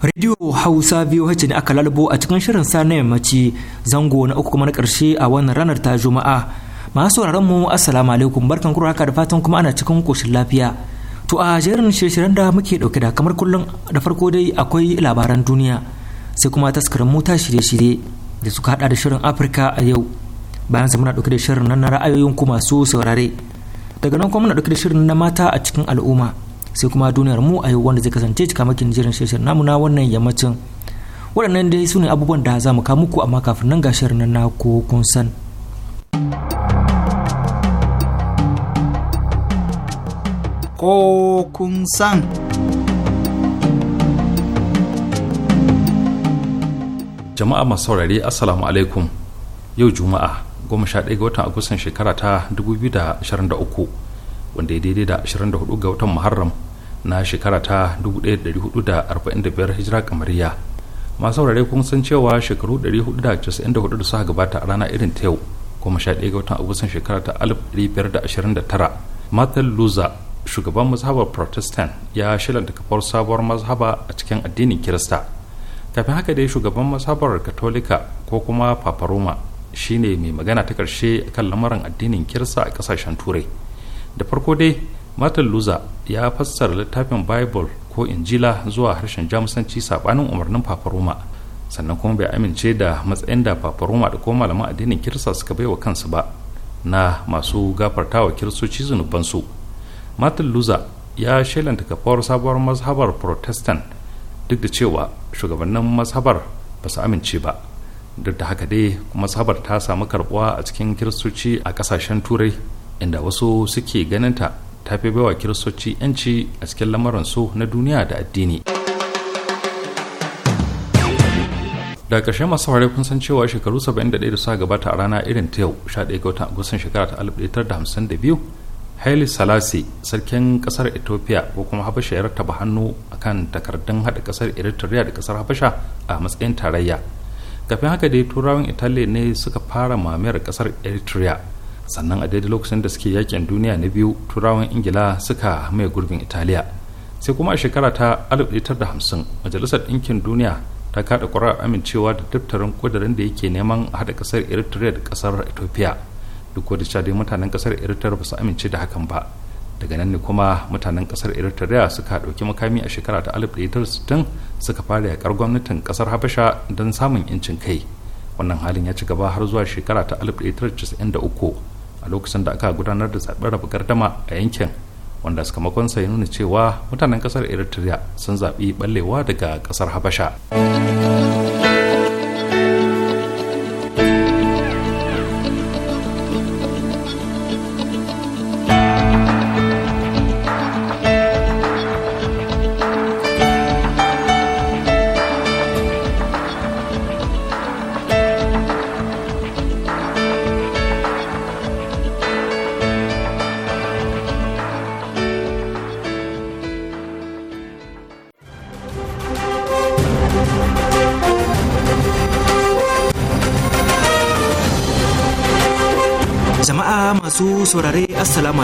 Radio Hausa VOH ne aka lalubo a cikin shirin sa na yammaci zango na uku kuma na ƙarshe a wannan ranar ta Juma'a. Masu sauraron mu Assalamu alaikum barkan kura haka da fatan kuma ana cikin koshin lafiya. To a jerin shirye da muke dauke da kamar kullum da farko dai akwai labaran duniya sai kuma taskarin mota shirye-shirye da suka hada da shirin Afirka a yau. Bayan sa muna dauke da shirin nan na ra'ayoyin ku masu saurare. Daga nan kuma muna dauke da shirin na mata a cikin al'umma. sai kuma duniyar mu a yau wanda zai kasance cikamakin jirin shirin namu na wannan yammacin waɗannan dai su ne abubuwan da za mu kawo muku amma kafin nan ga shirin na ko kun san ko kun san jama'a masu saurari assalamu alaikum yau juma'a goma sha ɗaya ga watan agustan shekara ta 2023 wanda ya daidai da 24 ga watan muharram na shekara ta 1445 hijira kamariya masu saurare kun san cewa shekaru 494 da suka gabata a rana irin ta yau kuma 11 ga watan agustan shekara ta 1529 martin luther shugaban mazhabar protestant ya shilanta kafar sabuwar mazhaba a cikin addinin kirista kafin haka dai shugaban mazhabar katolika ko kuma papa roma shine mai magana ta karshe kan lamarin addinin kirista a kasashen turai da farko dai martin luther ya fassara littafin bible ko injila zuwa harshen jamusanci sabanin umarnin papa roma sannan kuma bai amince da matsayin da papa roma da ko malaman addinin kirista suka baiwa kansu ba na masu gafartawa kiristoci zunubansu martin luther ya shelanta kafawar sabuwar mazhabar protestant duk da cewa shugabannin mazhabar ba su amince ba duk da haka dai mazhabar ta samu karbuwa a cikin kiristoci a kasashen turai inda wasu suke ganinta ta fi baiwa kiristoci 'yanci a cikin lamarin su na duniya da addini da ƙarshe masu saurare kun san cewa shekaru 71 da suka gabata a rana irin ta yau 11 ga watan agustan shekara ta 1952 haile salasi sarkin ƙasar ethiopia ko kuma habasha ya rattaba hannu akan takardun haɗa kasar eritrea da kasar habasha a matsayin tarayya kafin haka dai turawan italiya ne suka fara mamayar ƙasar eritrea sannan a daidai lokacin da suke yakin duniya na biyu turawan ingila suka mai gurbin italiya sai kuma a shekara ta 1950 majalisar ɗinkin duniya ta kada ƙwarar amincewa da daftarin ƙudurin da yake neman a haɗa ƙasar eritrea da ƙasar ethiopia duk da cewa dai mutanen ƙasar eritrea ba su amince da hakan ba daga nan ne kuma mutanen ƙasar eritrea suka ɗauki makami a shekara ta 1960 suka fara yaƙar gwamnatin ƙasar habasha don samun 'yancin kai wannan halin ya ci gaba har zuwa shekara ta 1993 a lokacin da aka gudanar da zaɓen raba gardama a yankin wanda sakamakonsa ya nuna cewa mutanen kasar eritrea sun zaɓi ɓallewa daga ƙasar habasha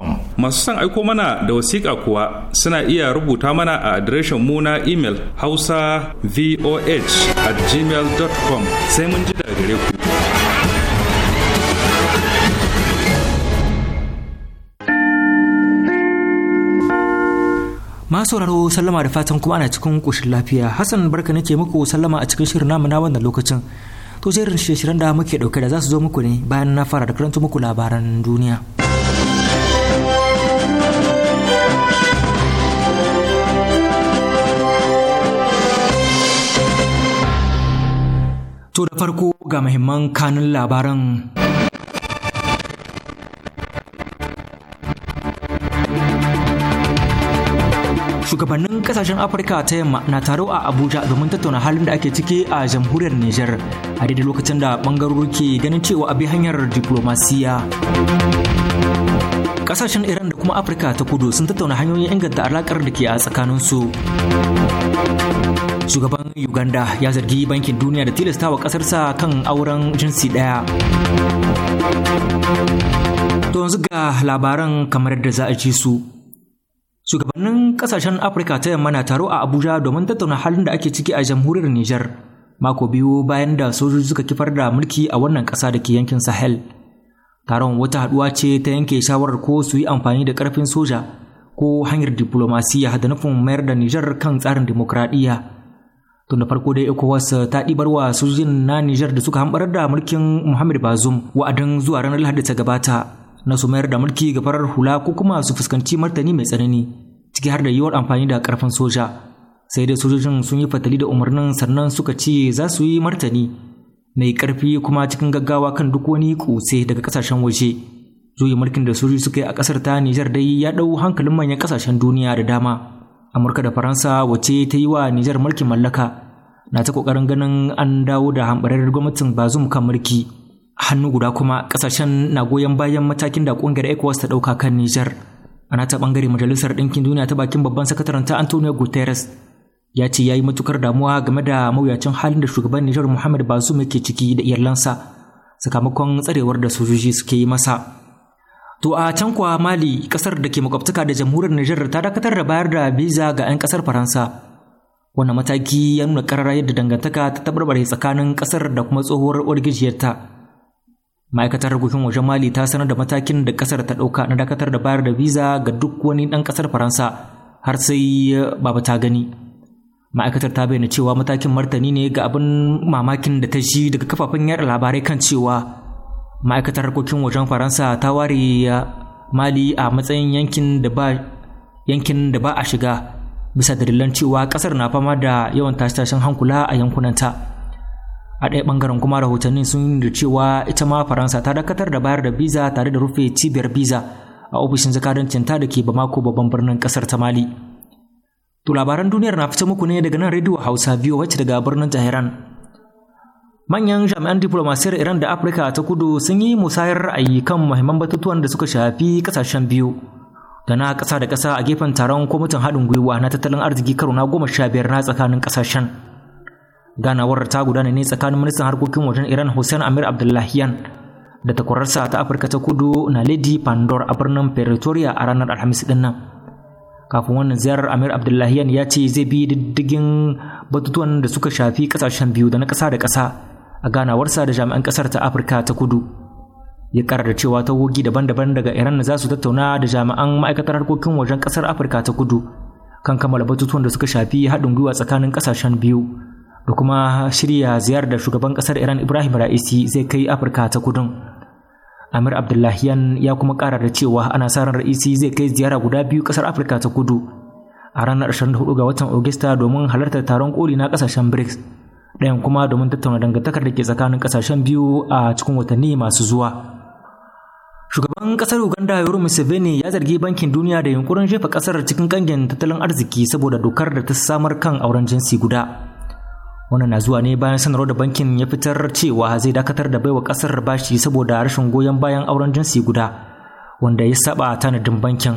gmail.com masu son aiko mana da wasiƙa kuwa suna iya rubuta mana a adireshin mu na imel hausa voh at gmail.com sai mun ji daga gare ku masu sauraro sallama da fatan kuma ana cikin ƙoshin lafiya hassan barka nake muku sallama a cikin shirin namu na wannan lokacin to jerin shirye-shiryen da muke dauke da za su zo muku ne bayan na fara da karanta muku labaran duniya. To da farko ga muhimman kanun labaran. Shugabannin kasashen Afirka ta yamma na taro a Abuja domin tattauna halin da ake ciki a jamhuriyar Nijar a daidai lokacin da ɓangarori ke ganin cewa abin hanyar diplomasiya. Kasashen Iran da kuma Afirka ta kudu sun tattauna hanyoyin inganta alakar da ke a tsakaninsu. Shugaban Uganda ya zargi bankin duniya da tilastawa kasarsa kan auren jinsi ɗaya. To ga labaran kamar da za a ji su. Shugabannin kasashen Afirka ta yamma na taro a Abuja domin tattauna halin da ake ciki a jamhuriyar Nijar mako biyu bayan da sojoji suka kifar da mulki a wannan ƙasa da ke yankin Sahel. taron wata haduwa ce ta yanke shawarar ko su yi amfani da karfin soja ko hanyar diplomasiya da nufin mayar da Nijar kan tsarin demokradiyya. tun da farko dai ECOWAS ta ɗibar wa sojin na Nijar da suka hambar da mulkin Muhammad Bazoum wa'adin zuwa ranar Lahadi ta gabata na su mayar da mulki ga farar hula ko kuma su fuskanci martani mai tsanani ciki har da yiwuwar amfani da karfin soja sai dai sojojin sun yi fatali da umarnin sannan suka ce za su yi martani mai ƙarfi kuma cikin gaggawa kan duk wani kutse daga ƙasashen waje juyin mulkin da sojoji suka yi a ƙasar ta Nijar dai ya ɗau hankalin manyan ƙasashen duniya da dama Amurka da Faransa wace ta yi wa Nijar mulkin mallaka na ta ƙoƙarin ganin an dawo da hambarar gwamnatin Bazum kan mulki hannu guda kuma ƙasashen na goyon bayan matakin da ƙungiyar ECOWAS ta ɗauka kan Nijar a nata ɓangare majalisar ɗinkin duniya ta bakin babban sakataren ta Antonio Guterres ya ce ya yi matukar damuwa game da mawuyacin halin da shugaban Nijar Muhammad Bazoum ke ciki da iyalansa sakamakon tsarewar da sojoji suke yi masa. To a can kuwa Mali kasar da ke makwabtaka da jamhuriyar Nijar ta dakatar da bayar da biza ga 'yan kasar Faransa. Wannan mataki ya nuna karara yadda dangantaka ta tabarbare tsakanin kasar da kuma tsohuwar uwargijiyarta. Ma'aikatar harkokin wajen Mali ta sanar da matakin da kasar ta ɗauka na dakatar da bayar da biza ga duk wani ɗan kasar Faransa har sai baba ta gani. ma'aikatar ta bayyana cewa matakin martani ne ga abin mamakin da ta ji daga kafafen yaɗa labarai kan cewa ma'aikatar harkokin wajen faransa ta ware mali a matsayin yankin da ba a shiga bisa dalilan cewa kasar na fama da yawan tashe-tashen hankula a yankunanta a ɗaya ɓangaren kuma rahotannin sun da cewa ita ma faransa ta dakatar da bayar da biza tare da rufe cibiyar biza a ofishin ta da ke bamako babban birnin kasar ta mali To labaran duniyar na fita muku ne daga nan rediyo Hausa biyu wacce daga birnin tahiran Manyan jami'an diplomasiyar Iran da Afirka ta kudu sun yi musayar ra'ayi kan muhimman batutuwan da suka shafi kasashen biyu. Da na ƙasa da ƙasa a gefen taron kwamitin haɗin gwiwa na tattalin arziki karo na goma sha biyar na tsakanin ƙasashen. Ganawar ta gudana ne tsakanin ministan harkokin wajen Iran Hussein Amir Abdullahiyan da takwararsa ta Afirka ta kudu na Lady Pandor a birnin Pretoria a ranar Alhamis ɗin nan. kafin wannan ziyarar amir yan ya ce zai bi diddigin batutuwan da suka shafi kasashen biyu da na ƙasa da ƙasa a ganawarsa da jami'an ƙasar ta afirka ta kudu ya ƙara da cewa tawogi daban-daban daga iran za su tattauna da jami'an ma'aikatar harkokin wajen ƙasar afirka ta kudu kan kammala batutuwan da suka shafi haɗin gwiwa tsakanin ƙasashen biyu da kuma shirya ziyarar da shugaban ƙasar iran ibrahim ra'isi zai kai afirka ta kudun amir abdullahiyan ya kuma kara da cewa ana sa ran ra'isi zai kai ziyara guda biyu kasar afirka ta kudu a ranar 24 ga watan Agusta domin halartar taron koli na kasashen brics ɗayan kuma domin tattauna dangantakar da ke tsakanin kasashen biyu a cikin watanni masu zuwa shugaban kasar uganda yoweri museveni ya zargi bankin duniya da yunkurin jefa kasar cikin kangin tattalin arziki saboda dokar da ta samar kan auren jinsi guda wannan na zuwa ne bayan sanarwar da bankin ya fitar cewa zai dakatar da baiwa kasar bashi saboda rashin goyon bayan auren jinsi guda wanda ya saba tanadin bankin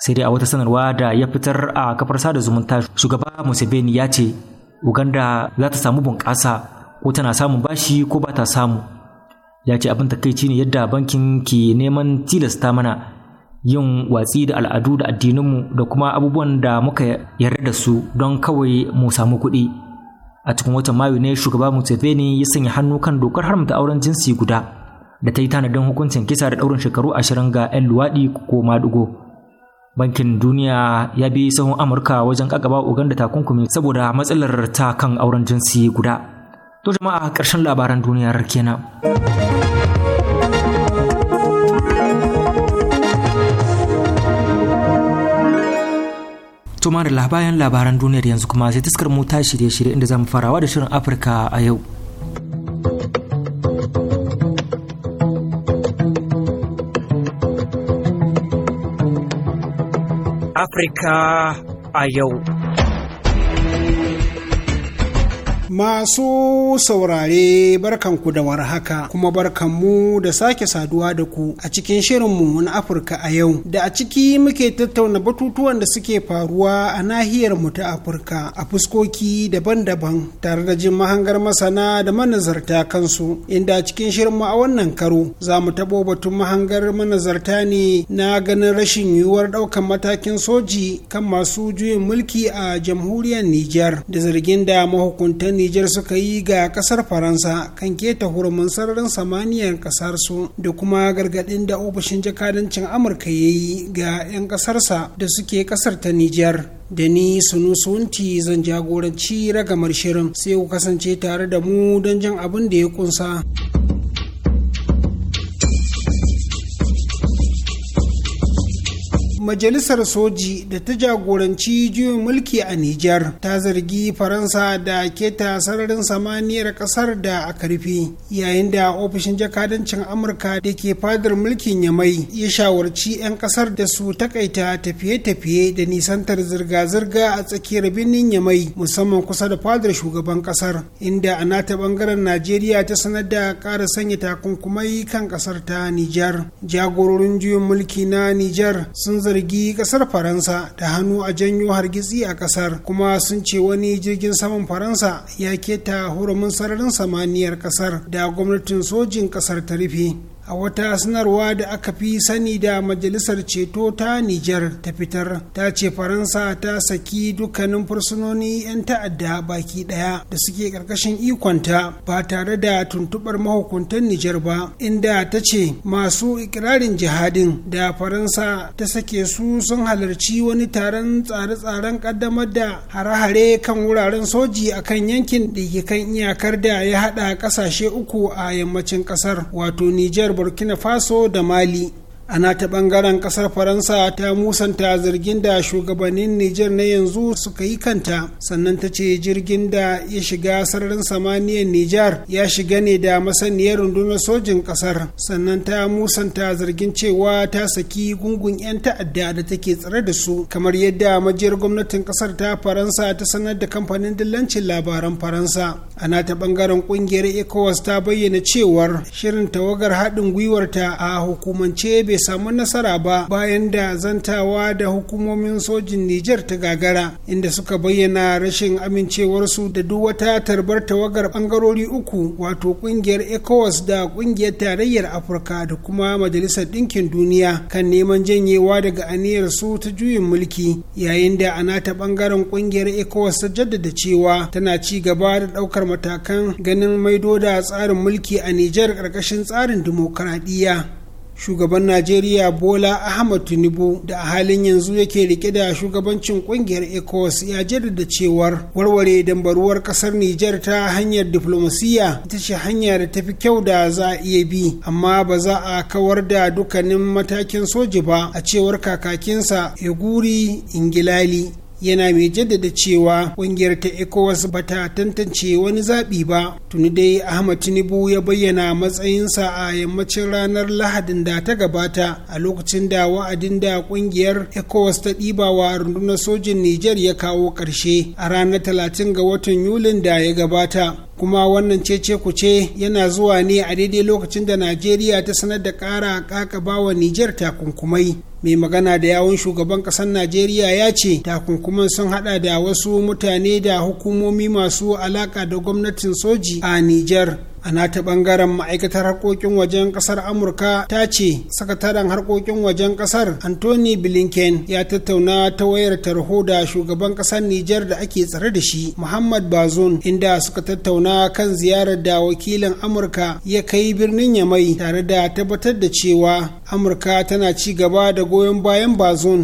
sai dai a wata sanarwa da ya fitar a kafar sada zumunta shugaba museveni ya ce uganda za ta samu bunƙasa ko tana samun bashi ko ba ta samu ya ce abin takaici ne yadda bankin ke neman tilasta mana yin watsi da al'adu da addininmu da kuma abubuwan da muka yarda da su don kawai mu samu kuɗi a cikin watan mayu ne shugaba museveni ya sanya hannu kan dokar haramta auren jinsi guda da ta yi tanadin hukuncin kisa da ɗaurin shekaru ashirin ga 'yan luwaɗi ko madugo bankin duniya ya bi sahun amurka wajen kakaba uganda takunkumi saboda matsalar ta kan auren jinsi guda to jama'a ƙarshen labaran duniyar kenan. to da bayan labaran duniyar yanzu kuma sai taskar mu ta shirye-shirye inda zamu farawa da shirin afirka a yau afirka a yau Masu saurare barkanku da warhaka kuma barkanmu da sake saduwa da ku a cikin shirin mu na Afirka a yau da a ciki muke tattauna batutuwan da suke faruwa a nahiyar mu ta Afirka a fuskoki daban-daban tare da jin mahangar masana da manazarta kansu inda a cikin shirinmu a wannan karo za mu tabo batun mahangar manazarta ne na ganin rashin yiwuwar ɗaukan matakin soji kan masu juyin mulki a jamhuriyar Nijar da zargin da mahukuntan Nijar suka yi ga kasar Faransa kan keta hurumin sararin samaniyar kasar su da kuma gargaɗin da ofishin jakadancin Amurka ya yi ga 'yan kasarsa da suke kasar ta Nijar. Da ni sunu sunti zan jagoranci ragamar shirin sai ku kasance tare da mu don jan abin da ya kunsa. majalisar soji da ta jagoranci juyin mulki a Nijar ta zargi Faransa da keta sararin samaniyar kasar da a karfi yayin da ofishin jakadancin Amurka da ke fadar mulkin Yamai ya shawarci 'yan kasar da su takaita tafiye-tafiye da nisantar zirga-zirga a tsakiyar birnin Yamai musamman kusa da fadar shugaban kasar inda a nata bangaren Najeriya ta sanar da ƙara sanya takunkumai kan kasar ta Nijar jagororin juyin mulki na Nijar sun zargi kasar faransa da hannu a janyo hargitsi a kasar kuma sun ce wani jirgin saman faransa ya keta hurumin sararin samaniyar kasar da gwamnatin sojin kasar ta rufe a wata sanarwa da aka fi sani da majalisar ceto ta Nijar ta fitar ta ce Faransa ta saki dukkanin fursunoni 'yan ta'adda baki ɗaya da suke ƙarƙashin ikonta ba tare da tuntuɓar mahukuntan Nijar ba inda ta ce masu ikirarin jihadin da Faransa ta sake su sun halarci wani taron tsare-tsaren ƙaddamar da hare-hare kan wuraren soji a kan yankin da iyakar da ya haɗa ƙasashe uku a yammacin ƙasar wato Nijar burkina faso da mali ana ta bangaren kasar faransa ta musanta zargin da shugabannin niger na yanzu suka yi kanta sannan ta ce jirgin da ya shiga sararin samaniyar niger ya shiga ne da masaniyar rundunar sojin kasar sannan ta musanta zargin cewa ta saki gungun 'yan ta'adda da take tsare da su kamar yadda majiyar gwamnatin kasar ta faransa ta sanar da kamfanin dillancin labaran faransa a nata bangaren kungiyar ecowas ta bayyana cewar shirin tawagar haɗin gwiwarta a hukumance bai samu nasara ba bayan da zantawa da hukumomin sojin nijar ta gagara inda suka bayyana rashin amincewarsu da duk wata tarbar tawagar bangarori uku wato kungiyar ecowas da kungiyar tarayyar afirka da kuma majalisar ɗinkin duniya kan neman janyewa daga aniyar su ta juyin mulki yayin da a nata bangaren kungiyar ecowas ta jaddada cewa tana ci gaba da ɗaukar matakan ganin maido da tsarin mulki a Nijar ƙarƙashin tsarin dimokuraɗiyya. Shugaban Najeriya Bola Ahmad Tinubu da a halin yanzu yake rike da shugabancin kungiyar ECOWAS ya jaddada cewar warware dambaruwar kasar Nijar ta hanyar diflomasiyya ita ce hanya da tafi kyau da za a iya bi amma ba za a kawar da dukkanin matakin soji ba a cewar kakakinsa guri Ingilali. yana mai jaddada cewa kungiyar ta ecowas ba ta tantance wani zaɓi ba tuni dai ahmad tinubu ya bayyana matsayinsa a yammacin ranar lahadin da ta gabata a lokacin da wa'adin da kungiyar ecowas ta ɗiba wa rundunar sojin niger ya kawo ƙarshe a ranar talatin ga watan yulin da ya gabata kuma wannan cece kuce yana zuwa ne a daidai lokacin da najeriya ta sanar da ƙara ƙaƙabawa niger takunkumai mai magana da yawon shugaban ƙasar najeriya ya ce takunkuman sun hada da wasu mutane da hukumomi masu alaka da gwamnatin soji a Nijar. a nata bangaren ma'aikatar harkokin wajen kasar amurka ta ce sakataren harkokin wajen kasar anthony blinken ya tattauna ta wayar tarho da shugaban kasar nijar da ake tsare da shi muhammad bazoum inda suka tattauna kan ziyarar da wakilin amurka ya kai birnin yamai tare da tabbatar da cewa amurka tana ci gaba da goyon bayan bazoum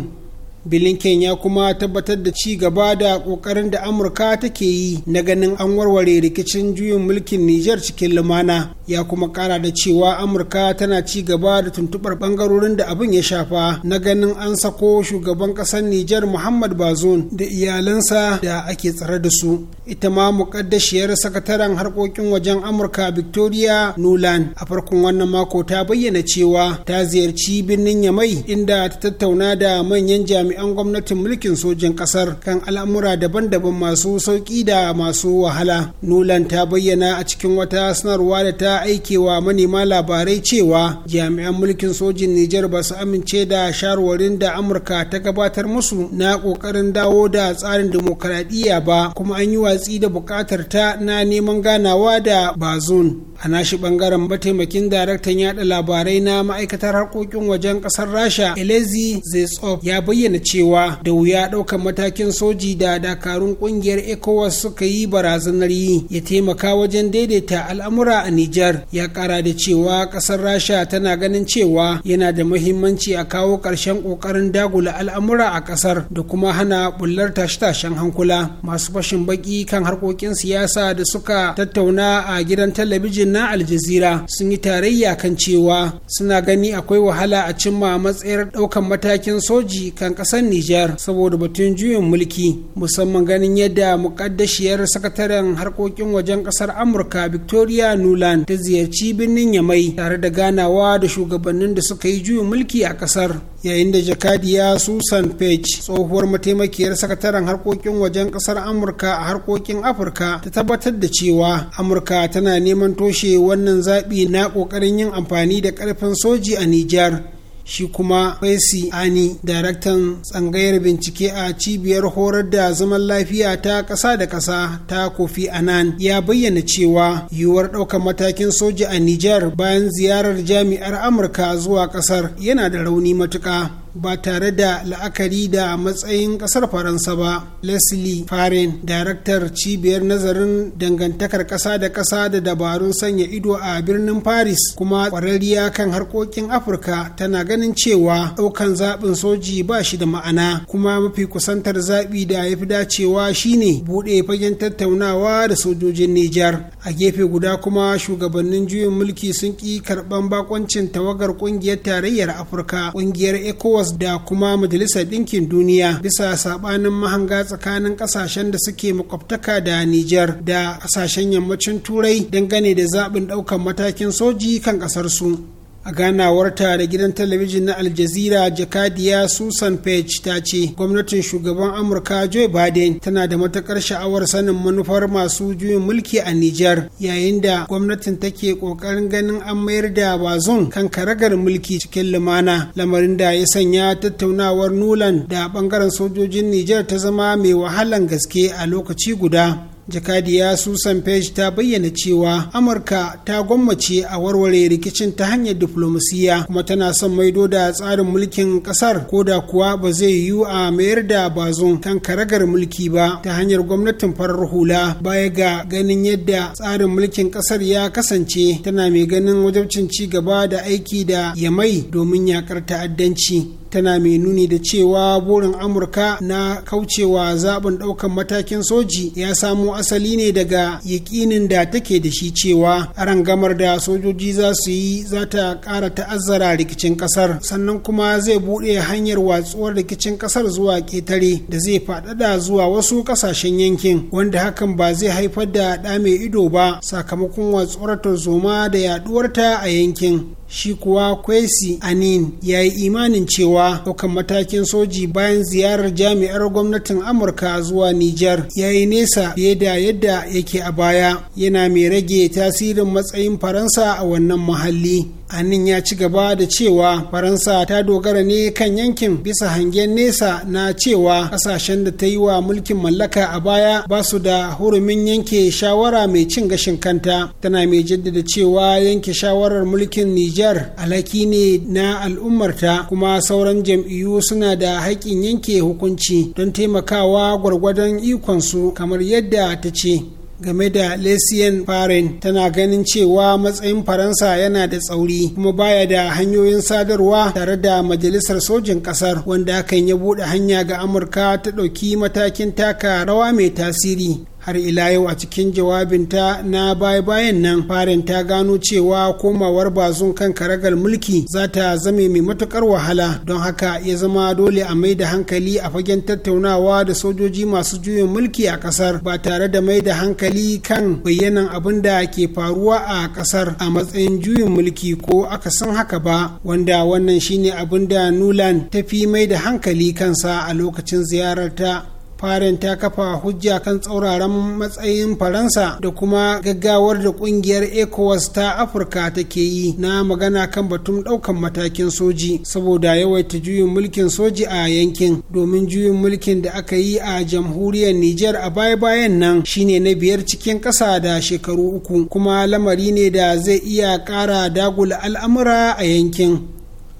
bilinken ya kuma tabbatar da ci gaba da kokarin da amurka take yi na ganin an warware rikicin juyin mulkin nijar cikin lumana ya kuma kara da cewa amurka tana ci gaba da tuntuɓar bangarorin da abin ya shafa na ganin an sako shugaban kasar nijar muhammad bazoum da iyalansa da ake tsare da su ita ma mukaddashiyar sakataren harkokin wajen amurka victoria Nolan a farkon wannan mako ta bayyana cewa ta ziyarci birnin yamai inda ta tattauna da manyan jami'an jami'an gwamnatin mulkin sojin kasar kan al'amura daban-daban masu sauƙi da masu wahala nolan ta bayyana a cikin wata sanarwa da ta aikewa manema labarai cewa jami'an mulkin sojin nijar ba su amince da shawarwarin da amurka ta gabatar musu na ƙoƙarin dawo da tsarin dimokuraɗiyya ba kuma an yi watsi da buƙatar ta na neman ganawa da bazon a nashi ɓangaren mataimakin daraktan yada labarai na ma'aikatar harkokin wajen ƙasar rasha elezi zetsov ya bayyana cewa da wuya ɗaukar matakin soji da dakarun ƙungiyar ecowas suka yi barazanar yi ya taimaka wajen daidaita al'amura a nijar ya ƙara da cewa ƙasar rasha tana ganin cewa yana da muhimmanci a kawo ƙarshen ƙoƙarin dagula al'amura a ƙasar da kuma hana bullar tashe-tashen hankula masu fashin baki kan harkokin siyasa da suka tattauna a gidan talabijin na aljazira sun yi tarayya kan cewa suna gani akwai wahala a cimma matsayar ɗaukan matakin soji kan kasar Nijar saboda batun juyin mulki musamman ganin yadda muƙaddashiyar sakataren harkokin wajen ƙasar Amurka Victoria Nuland ta ziyarci birnin Yamai tare da ganawa da shugabannin da suka yi juyin mulki a ƙasar yayin da jakadiya Susan Page tsohuwar mataimakiyar sakataren harkokin wajen ƙasar Amurka a harkokin Afirka ta tabbatar da cewa Amurka tana neman toshe wannan zaɓi na ƙoƙarin yin amfani da ƙarfin soji a Nijar shi kuma Kwesi Ani daraktan tsangayar bincike a cibiyar horar da zaman lafiya ta ƙasa da ƙasa ta Kofi Annan ya bayyana cewa yiwuwar ɗaukar matakin soja a Nijar bayan ziyarar jami'ar Amurka zuwa ƙasar yana da rauni matuƙa. ba tare da la'akari da matsayin kasar faransa ba leslie farin daraktar cibiyar nazarin dangantakar kasa da kasa da dabarun sanya ido a birnin paris kuma kwararriya kan harkokin afirka tana ganin cewa ɗaukan zaɓin soji ba shi da ma'ana kuma mafi kusantar zaɓi da ya fi dacewa shine buɗe fagen tattaunawa da sojojin nijar a gefe guda kuma shugabannin juyin mulki sun ƙi karɓan bakoncin tawagar ƙungiyar tarayyar afirka ƙungiyar ecowas Gabas da kuma Majalisar Ɗinkin Duniya bisa saɓanin mahanga tsakanin ƙasashen da suke makwabtaka da Nijar da ƙasashen yammacin Turai dangane da zaɓin ɗaukar matakin soji kan ƙasarsu. a ganawarta da gidan talabijin na aljazira jakadiya susan page ta ce gwamnatin shugaban amurka joe biden tana da matukar sha'awar sanin manufar masu juyin mulki a niger yayin da gwamnatin take kokarin ganin an mayar da bazon kan karagar mulki cikin lumana lamarin da ya sanya tattaunawar nulan da bangaren sojojin niger ta zama mai wahalan gaske a lokaci guda jakadiya susan page ta bayyana cewa amurka ta gwammace a warware rikicin ta hanyar diflomasiyya kuma tana son maido da tsarin mulkin kasar ko da kuwa ba zai yiwu a mayar da bazon kan karagar mulki ba ta hanyar gwamnatin farar hula baya ga ganin yadda tsarin mulkin kasar ya kasance tana mai ganin wajabcin ci gaba da aiki da yamai domin yakar ta'addanci tana mai nuni da cewa burin amurka na kaucewa zaɓin ɗaukan matakin soji ya samo asali ne daga yakinin da take da shi cewa rangamar da sojoji za su yi za ta ƙara ta'azzara rikicin ƙasar sannan kuma zai buɗe hanyar watsuwar rikicin ƙasar zuwa ƙetare da zai faɗaɗa zuwa wasu ƙasashen yankin wanda hakan ba zai haifar da ɗa ido ba sakamakon watsuwar zoma da yaduwarta a yankin shi kuwa kwesi anin ya yi imanin cewa ɗaukan matakin soji bayan ziyarar jami'ar gwamnatin amurka zuwa nijar ya yi nesa fiye da yadda yake a baya yana mai rage tasirin matsayin faransa a wannan muhalli. Annin ya ci gaba da cewa Faransa ta dogara ne kan yankin bisa hangen nesa na cewa kasashen da ta yi wa mulkin mallaka a baya ba su da hurumin yanke shawara mai cin gashin kanta. Tana mai jaddada cewa yanke shawarar mulkin Nijar alhaki ne na al'ummarta kuma sauran jam'iyyu suna da haƙƙin yanke hukunci don taimakawa gwargwadon ikonsu kamar yadda ta ce. game da lesiyan Farin tana ganin cewa matsayin Faransa yana da tsauri kuma baya da hanyoyin sadarwa tare da majalisar sojin kasar wanda hakan ya buɗe hanya ga Amurka ta ɗauki matakin taka rawa mai tasiri. har ila yau a cikin jawabinta na baya-bayan nan farin ta gano cewa komawar bazun kan karagar mulki za ta zame mai matukar wahala don haka ya zama dole a mai da hankali a fagen tattaunawa da sojoji masu juyin mulki a kasar ba tare da mai da hankali kan bayyanan abin da ke faruwa a kasar a matsayin juyin mulki ko akasin haka ba wanda wannan shine abin da nulan ta fi mai da hankali kansa a lokacin ziyararta farin ta kafa hujja kan tsauraran matsayin faransa da kuma gaggawar da kungiyar ecowas ta afirka take yi na magana kan batun ɗaukan matakin soji saboda yawaita juyin mulkin soji a yankin domin juyin mulkin da aka yi a jamhuriyar niger a baya-bayan nan shine na biyar cikin ƙasa da shekaru uku kuma lamari ne da zai iya ƙara dagula al'amura a yankin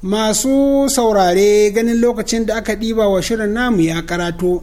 masu saurare ganin lokacin da aka ɗiba wa shirin namu ya karato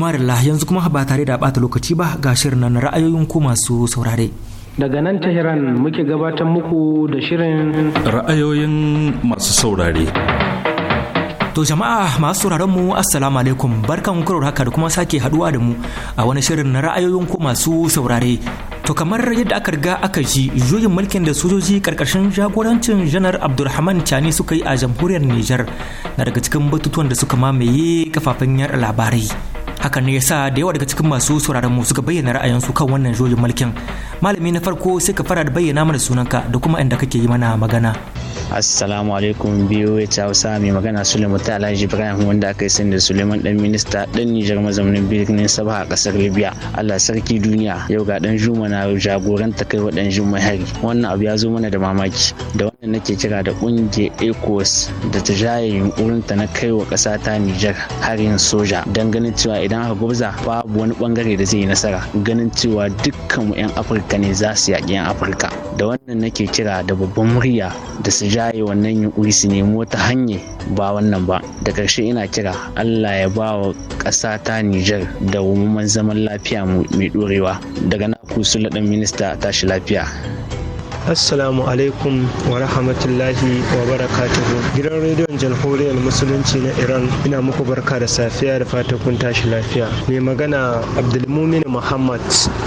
Marilla yanzu kuma ba tare da bata lokaci ba ga shirin nan ra'ayoyin ku masu saurare. Daga nan Tehran muke gabatar muku da shirin ra'ayoyin masu saurare. To jama'a masu sauraron mu assalamu alaikum barkan ku haka da kuma sake haduwa da mu a wani shirin na ra'ayoyin ku masu saurare To kamar yadda aka riga aka ji juyin mulkin da sojoji karkashin jagorancin janar Abdulrahman Chani suka yi a jamhuriyar Nijar na daga cikin batutuwan da suka mamaye kafafen yara labarai. hakan ne yasa da yawa daga cikin masu sauraron mu suka bayyana ra'ayinsu kan wannan jojin mulkin malami na farko sai ka fara da bayyana mana sunanka da kuma inda kake yi mana magana assalamu alaikum biyu ya hausa mai magana suleiman ta alhaji ibrahim wanda aka yi sanda suleiman dan minista ɗan nijar mazaunin birnin sabha a kasar libya allah sarki duniya yau ga dan juma na jagoranta kai wa dan juma hari wannan abu ya zo mana da mamaki da wannan nake kira da kungiyar ecos da ta jaye yunƙurinta na kai wa ƙasa ta nijar harin soja don ganin cewa idan aka gwabza babu wani bangare da zai yi nasara ganin cewa dukkanmu 'yan afirka ne za su yaƙi 'yan afirka da wannan nake kira da babban murya da su jaye wannan yunkuri su nemi wata hanya ba wannan ba da ƙarshe ina kira allah ya ba wa ƙasa ta nijar da umuman zaman lafiya mai ɗorewa daga na naku ɗan minista tashi lafiya assalamu alaikum wa rahmatullahi wa barakatuhu gidan rediyon jamhuriyar musulunci na iran ina muku barka da safiya da fatan kun tashi lafiya mai magana abdulmumin muhammad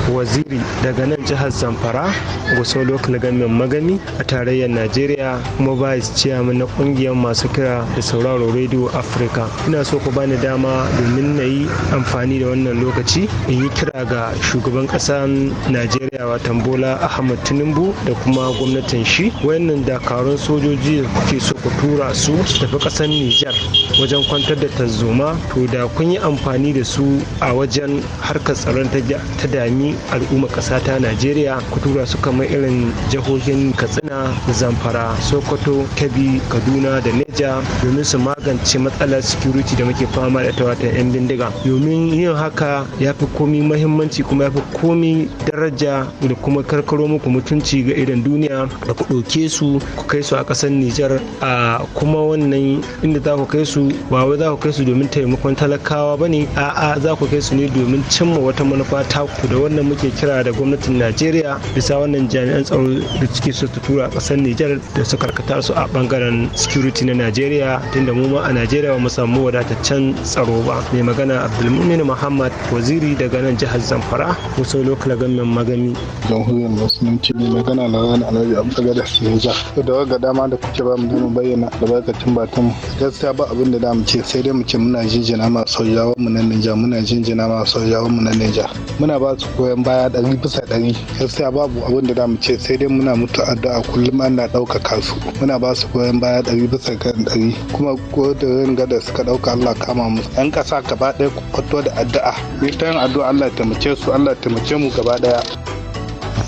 waziri daga nan jihar zamfara gusau lokacin government magami a tarayyar najeriya kuma vice chairman na kungiyar masu kira da sauraro radio africa ina so ku bani dama domin na yi amfani da wannan lokaci in yi kira ga shugaban ƙasar najeriya watan bola ahmad tinubu da kuma gwamnatin shi wayannan dakarun sojoji da kuke so ku tura su su tafi kasar Nijar wajen kwantar da tazuma to da kun yi amfani da su a wajen harkar tsaron ta dami al'umma kasata ta Najeriya ku tura su kamar irin jihohin Katsina Zamfara Sokoto Kebbi Kaduna da Neja domin su magance matsalar security da muke fama da ta wata 'yan bindiga domin yin haka ya fi komi muhimmanci kuma ya fi komi daraja da kuma karkaro muku mutunci ga irin idan duniya da ku ɗauke su ku kai su a ƙasar Nijar a kuma wannan inda za ku kai su ba wai za ku kai su domin taimakon talakawa ba ne a'a za ku kai su ne domin cimma wata manufa ta ku da wannan muke kira da gwamnatin Najeriya bisa wannan jami'an tsaro da suke so ta tura ƙasar Nijar da su karkata su a bangaren security na Najeriya tunda mu ma a Najeriya ba mu samu wadataccen tsaro ba mai magana Abdulmumin Muhammad Waziri daga nan jihar Zamfara kusa lokal gamin magami jamhuriyar musulunci ne magana magana annabi abu kaga da Nijar. Da waga dama da kuke ba mu da mu bayyana da cin batun gaskiya ba abin da da mu ce sai dai mu ce muna jinjina ma sojawan mu nan Nijar muna jinjina ma sojawan mu nan Nijar. Muna ba su goyon baya dari bisa dari gaskiya babu abin da da mu ce sai dai muna mutu addu'a kullum ana ɗaukaka su muna ba su goyon baya dari bisa dari kuma ko da ran gada suka dauka Allah kama mu yan kasa gaba daya ku fito da addu'a ita yin addu'a Allah ta mace su Allah ta mace mu gaba daya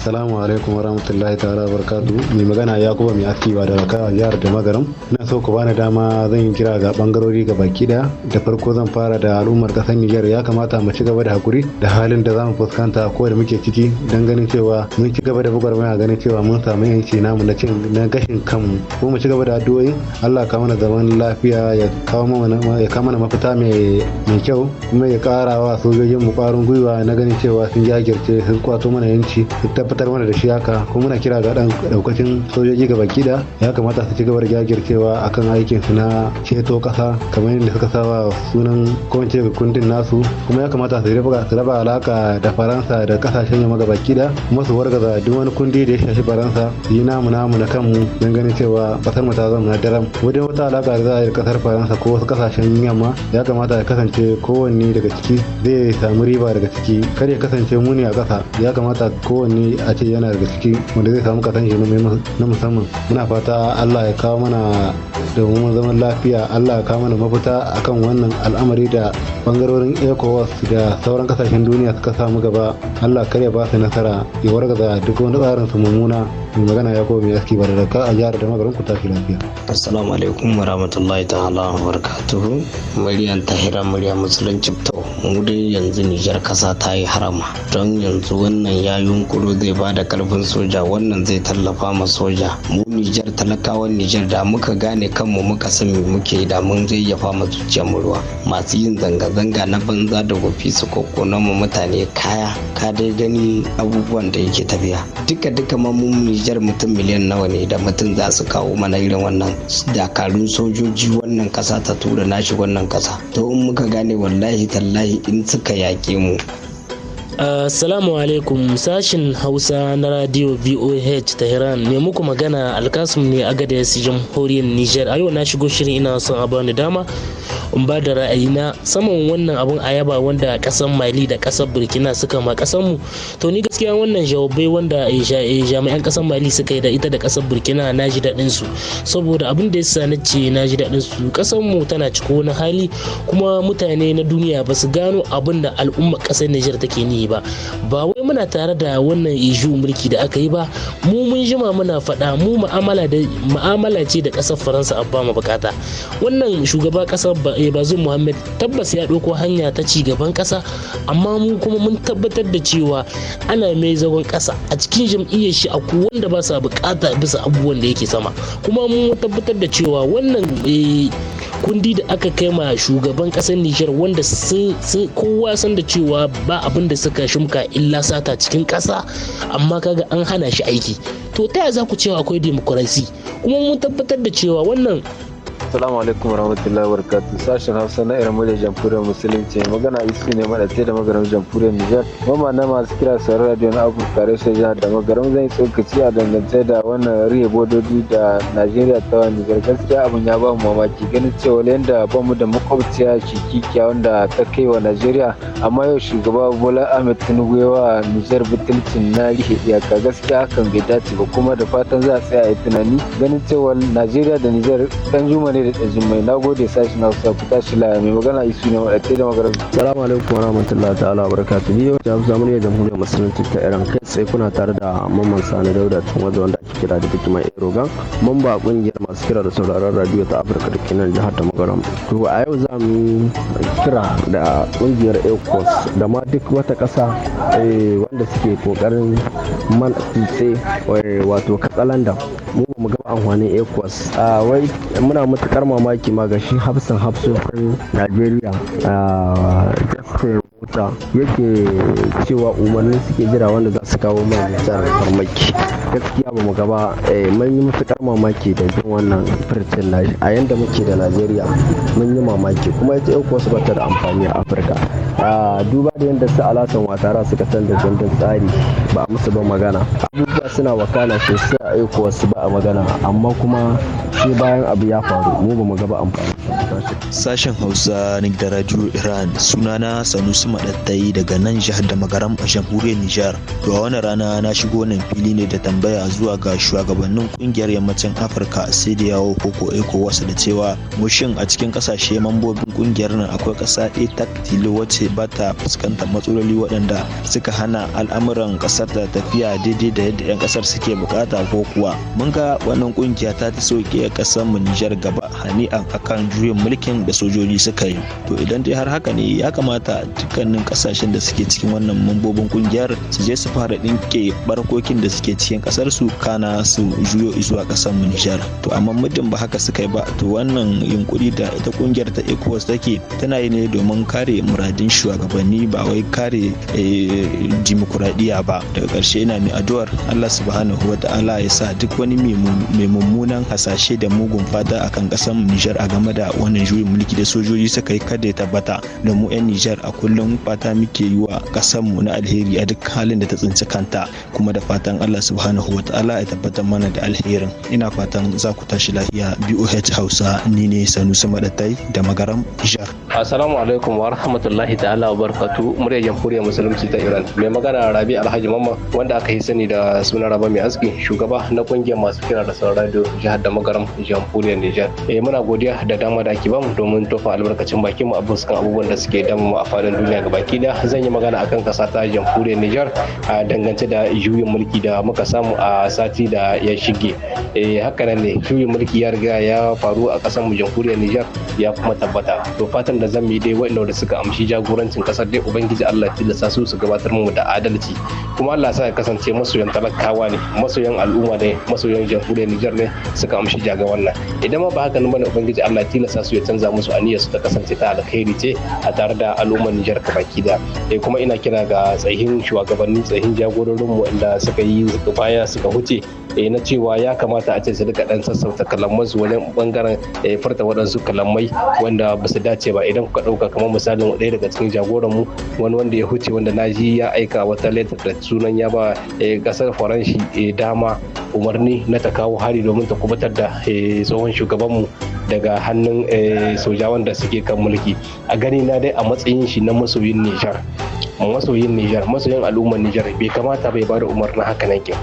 Assalamu alaikum wa rahmatullahi ta'ala barakatu mai magana ya kuma mai aski ba da raka jihar da magaram ina so ku bani dama zan yi kira ga bangarori ga baki daya da farko zan fara da al'ummar kasar Nijar ya kamata mu ci gaba da hakuri da halin da zamu fuskanta ko da muke ciki dan ganin cewa mun ci gaba da gwagwarmaya ganin cewa mun samu yanci namu na cin na gashin kanmu ko mu ci gaba da addu'o'i Allah ka mana zaman lafiya ya kawo mana ya kawo mana mafita mai kyau kuma ya karawa sojojin mu ƙwarin gwiwa na ganin cewa sun jajirce sun kwato mana yanci su fitar mana da shi haka kuma muna kira ga dan daukacin sojoji ga baki da ya kamata su ci gaba da jajircewa akan aikin su na ceto kasa kamar yadda suka saba sunan kwance ga kundin nasu kuma ya kamata su raba alaka da faransa da kasashen yamma ga baki da kuma su wargaza duk wani kundi da ya shafi faransa su yi namu namu na kanmu don ganin cewa kasar mu ta zama daram wajen wata alaka da za a yi kasar faransa ko wasu kasashen yamma ya kamata ya kasance kowanne daga ciki zai samu riba daga ciki kada ya kasance muni a kasa ya kamata kowanne a ce yana daga ciki wanda zai samu kasan shi na musamman muna fata allah ya kawo mana domin zaman lafiya allah ya kawo mana mafita akan wannan al'amari da bangarorin ecowas da sauran kasashen duniya suka samu gaba allah kar ya ba su nasara ya wargaza duk wani tsarin su mummuna mai magana ya kowa mai aski ba da daga a jihar da magarin kuta tafi lafiya assalamu alaikum wa rahmatullahi ta'ala wa barakatuhu muryan tahira murya musulunci to mu dai yanzu nijar kasa ta yi harama don yanzu wannan yayin kuro zai ba da karfin soja wannan zai tallafa ma soja mu nijar talakawan nijar da muka gane kanmu muka san me muke da mun zai ma zuciyar mu ruwa masu yin zanga-zanga na banza da gofi su koko na mu mutane kaya ka dai gani abubuwan da yake tafiya duka duka ma mu nijar mutum miliyan nawa ne da mutum za su kawo mana irin wannan dakarun sojoji wannan kasa ta tura nashi wannan kasa to in muka gane wallahi tallahi in suka yaƙe mu Assalamu alaikum sashin Hausa na Radio VOH Tehran mai muku magana alkasum ne a gada yasi jamhuriyar Nijar a yau na shigo shirin ina son a bani dama in ba da ra'ayina saman wannan abun ayaba wanda kasan Mali da kasan Burkina suka ma kasan mu to ni gaskiya wannan jawabai wanda eh, eh, jami'an kasan Mali suka yi da ita da kasan Burkina na ji daɗin su saboda abin da yasa na ce na ji daɗin su kasan mu tana ciko wani hali kuma mutane na duniya ba su gano abin da al'ummar kasar Nijar take ni ba ba wai muna tare da wannan iju mulki da aka yi ba mu mun jima muna faɗa mu ma'amala ce da ƙasar faransa an ba mu bukata wannan shugaba ƙasar eh, bazin muhammad tabbas ya ɗauko hanya ta ci gaban ƙasa amma mu kuma mun tabbatar da cewa ana mai zagon ƙasa a cikin jam'iyyar shi a wanda ba sa bukata bisa abubuwan da yake sama kuma mun tabbatar da cewa wannan eh, kundi da aka kai ma shugaban kasar Nijar wanda kowa san da cewa ba abin da suka shimka illa sata cikin kasa amma kaga an hana shi aiki to ta za ku cewa akwai demokarasi kuma mun tabbatar da cewa wannan Assalamu alaikum warahmatullahi wabarakatuh. Sashen Hausa na irin murya jamhuriyar Musulunci magana isu ne mara da magaran jamhuriyar Nijar. Mama na masu kira sauran radio na Afirka Rasha jihar da magaram zan yi tsokaci a dangance da wannan rihe bododi da Najeriya ta wani Nijar. Gaskiya abin ya ba mu mamaki ganin cewa yadda ba mu da makwabciya kikiya wanda ta kai wa Najeriya amma yau shugaba Bola Ahmed Tinubu ya wa Nijar butulcin na rihe iyaka gaskiya hakan bai dace ba kuma da fatan za a tsaya a yi tunani ganin cewa Najeriya da Nijar ɗan juma ne da ɗan mai na gode sashi na kusa ku tashi laya mai magana isu ne wadda da magana. salamu alaikum wa rahmatullahi ta'ala wa barakatu ni yau jamhuriyar musulunci ta iran kai sai kuna tare da mamman sani dauda tun wajen wanda ake kira da mai erogan mamba kungiyar masu kira da sauraron radio ta afirka da kinan jihar ta magaram to a yau za mu kira da kungiyar ecos da ma duk wata ƙasa eh, wanda suke kokarin man tutse wato katsalanda mu ba mu ga amfanin ecos a wai muna matukar mamaki ma ga shi hafsan hafsofin najeriya ta yake cewa umarni suke jira wanda za su kawo mai nijar farmaki gaskiya ba mu gaba eh, mun yi matuƙar mamaki da jin wannan firtin nashi a yanda muke da najeriya mun yi mamaki kuma ita yau kuwa su bata da amfani a afirka duba da yadda su alasan watara suka canza kundin tsari ba a musu ba magana abubuwa suna wakana sosai a yau su ba a magana amma kuma sai bayan abu ya faru mu ba mu gaba amfani sashen hausa na da radio iran sunana sanusi maɗattayi daga nan jihar da magaram a jamhuriyar Nijar. To a wani rana na shigo wannan fili ne da tambaya zuwa ga shugabannin kungiyar yammacin Afirka sai da yawo koko eko wasu da cewa mushin a cikin kasashe mambobin kungiyar nan akwai kasa ɗaya tilo wacce ba ta fuskantar matsaloli waɗanda suka hana al'amuran kasar da tafiya daidai da yadda 'yan kasar suke bukata ko kuwa. Mun ga wannan kungiya ta ta soke kasar mu Nijar gaba hani'an akan juyin mulkin da sojoji suka yi. To idan dai har haka ne ya kamata dukkan dukkanin kasashen da suke cikin wannan mambobin kungiyar su je su fara dinke barkokin da suke cikin kasar su kana su juyo zuwa kasar mu Nijar to amma muddin ba haka suka yi ba to wannan yunkuri da ita kungiyar ta ECOWAS take tana yi ne domin kare muradin shugabanni ba wai kare eh, dimokuraɗiyya ba daga karshe ina mai addu'ar Allah subhanahu wa ta'ala ya sa duk wani mai mummunan hasashe da mugun fata akan kasar Nijar a game da wannan juyin mulki da sojoji suka yi kada ya tabbata da mu 'yan Nijar a kullum kullum fata muke yi wa mu na alheri a duk halin da ta tsinci kanta kuma da fatan Allah subhanahu wa ta'ala ya tabbatar mana da alherin ina fatan za ku tashi lafiya BOH Hausa ni ne Sanusi Madatai da Magaram Jihar Assalamu alaikum wa rahmatullahi ta'ala wa barakatu muryar jamhuriyar musulunci ta Iran mai magana Rabi Alhaji Mamma wanda aka yi sani da sunan Raba mai aski shugaba na kungiyar masu kira da sauran radio jihar da Magaram jamhuriyar Nijar eh muna godiya da dama da ake bamu domin tofa albarkacin bakin mu a abubuwan da suke damu a fadin duniya gabaki da zan yi magana akan kasa ta jamhuriyar Nijar a dangance da juyin mulki da muka samu a sati da ya shige. Eh haka nan ne juyin mulki ya riga ya faru a kasar mu jamhuriyar Nijar ya kuma tabbata. To fatan da zan yi dai waɗanda suka amshi jagorancin kasar dai ubangiji Allah ya tilasta su su gabatar mu da adalci. Kuma Allah sa ya kasance masoyan talakawa ne, masoyan al'umma ne, masoyan jamhuriyar Nijar ne suka amshi jagawan wannan Idan ma ba haka nan ba ubangiji Allah ya tilasta su ya canza musu aniyar su ta kasance ta alkhairi ce a tare da al'ummar Nijar baki da sai eh, kuma ina kira ga tsahin shugabanni tsahin mu inda suka yi baya suka huce eh, na cewa ya kamata a ce su duka dan sassauta su wajen bangaren eh, furta waɗansu kalamai wanda ba su dace ba idan kuka ɗauka kamar misalin ɗaya daga cikin jagoran mu wani wanda ya huce wanda naji ya aika wata letter da sunan ya ba kasar faranshi dama umarni na ta kawo hari domin ta kubutar da tsohon shugabanmu daga hannun eh, soja wanda suke kan mulki a gani na dai a matsayin shi na masoyin nijar masoyin nijar masoyin al'ummar nijar bai kamata bai bada umarnin haka nake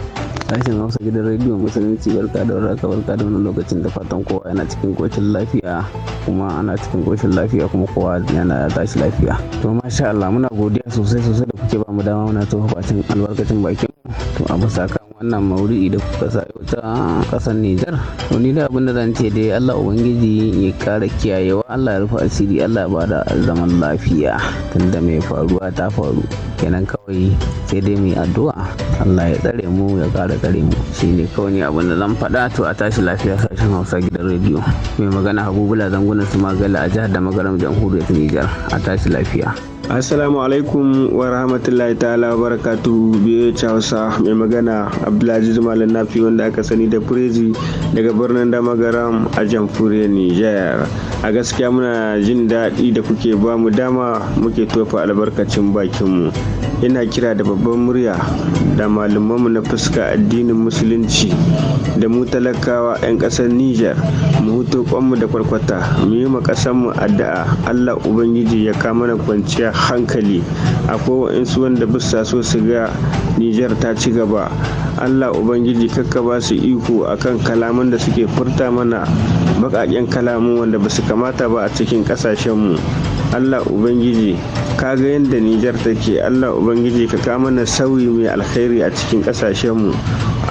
sashen hausa gidan rediyon musulunci barka da warhaka barka da wannan lokacin da fatan kowa yana cikin koshin lafiya kuma ana cikin koshin lafiya kuma kowa yana tashi lafiya to masha Allah muna godiya sosai sosai da kuke ba mu dama muna tofa bakin albarkacin bakin to a bisa wannan maudu'i da kuka sa ta kasar Nijar to ni da abin da zan ce dai Allah ubangiji ya kara kiyayewa Allah ya rufe asiri Allah ba da zaman lafiya tunda mai faruwa ta faru kenan kawai sai dai mai addu'a Allah ya tsare mu ya kara tsare mu shi ne kawai abin da zan faɗa to a tashi lafiya sashen Hausa gidan rediyo mai magana Habubula zangunan su magala a jihar da magaram jamhuriyar Nijar a tashi lafiya Assalamu alaikum wa rahmatullahi ta'ala wa barakatu biyo Hausa mai magana Abdulaziz Malam Nafi wanda aka sani da Prezi daga birnin Damagaram a jamhuriyar Nijar. A gaskiya muna jin daɗi da kuke ba mu dama muke tofa albarkacin bakinmu. ina kira da babban murya da malumanmu na fuska addinin musulunci da mu talakawa 'yan ƙasar niger mu huto kwanmu da kwarkwata mu yi mu addu'a allah ubangiji ya kama na kwanciya hankali akwai wa'insu wanda bisa so su ga niger ta ci gaba allah ubangiji kakka ba su iko a kan kalaman da suke furta mana baƙaƙen kalamu wanda ba su kamata ba a cikin ƙasashenmu Allah Ubangiji ka ga yadda Nijar take Allah Ubangiji ka kama na sauyi mai alkhairi a cikin mu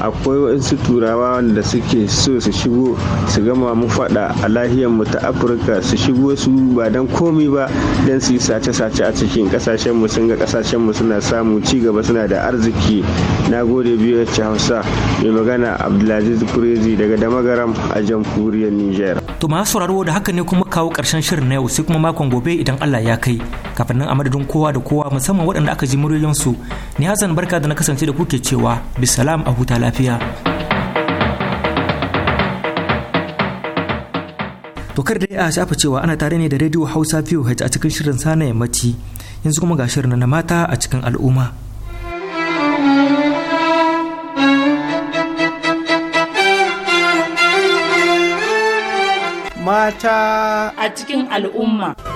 akwai wasu turawa wanda suke so su shigo su gama mu fada a lahiyar mu ta afirka su shigo su ba dan komi ba dan su yi sace-sace a cikin kasashen mu sun ga kasashen mu suna samu ci gaba suna da arziki na gode biyu ci hausa mai magana abdulaziz kurezi daga damagaram a jamhuriyar niger to masu sauraro da haka ne kuma kawo karshen shirin na yau sai kuma makon gobe idan idan Allah ya kai kafin nan a madadin kowa da kowa musamman waɗanda aka ji muryoyinsu ni Hassan barka da na kasance da kuke cewa bisalam a huta lafiya. To kar dai a shafa cewa ana tare ne da rediyo Hausa VOH a cikin shirin sana yammaci yanzu kuma ga shirin na mata a cikin al'umma. mata a cikin al'umma.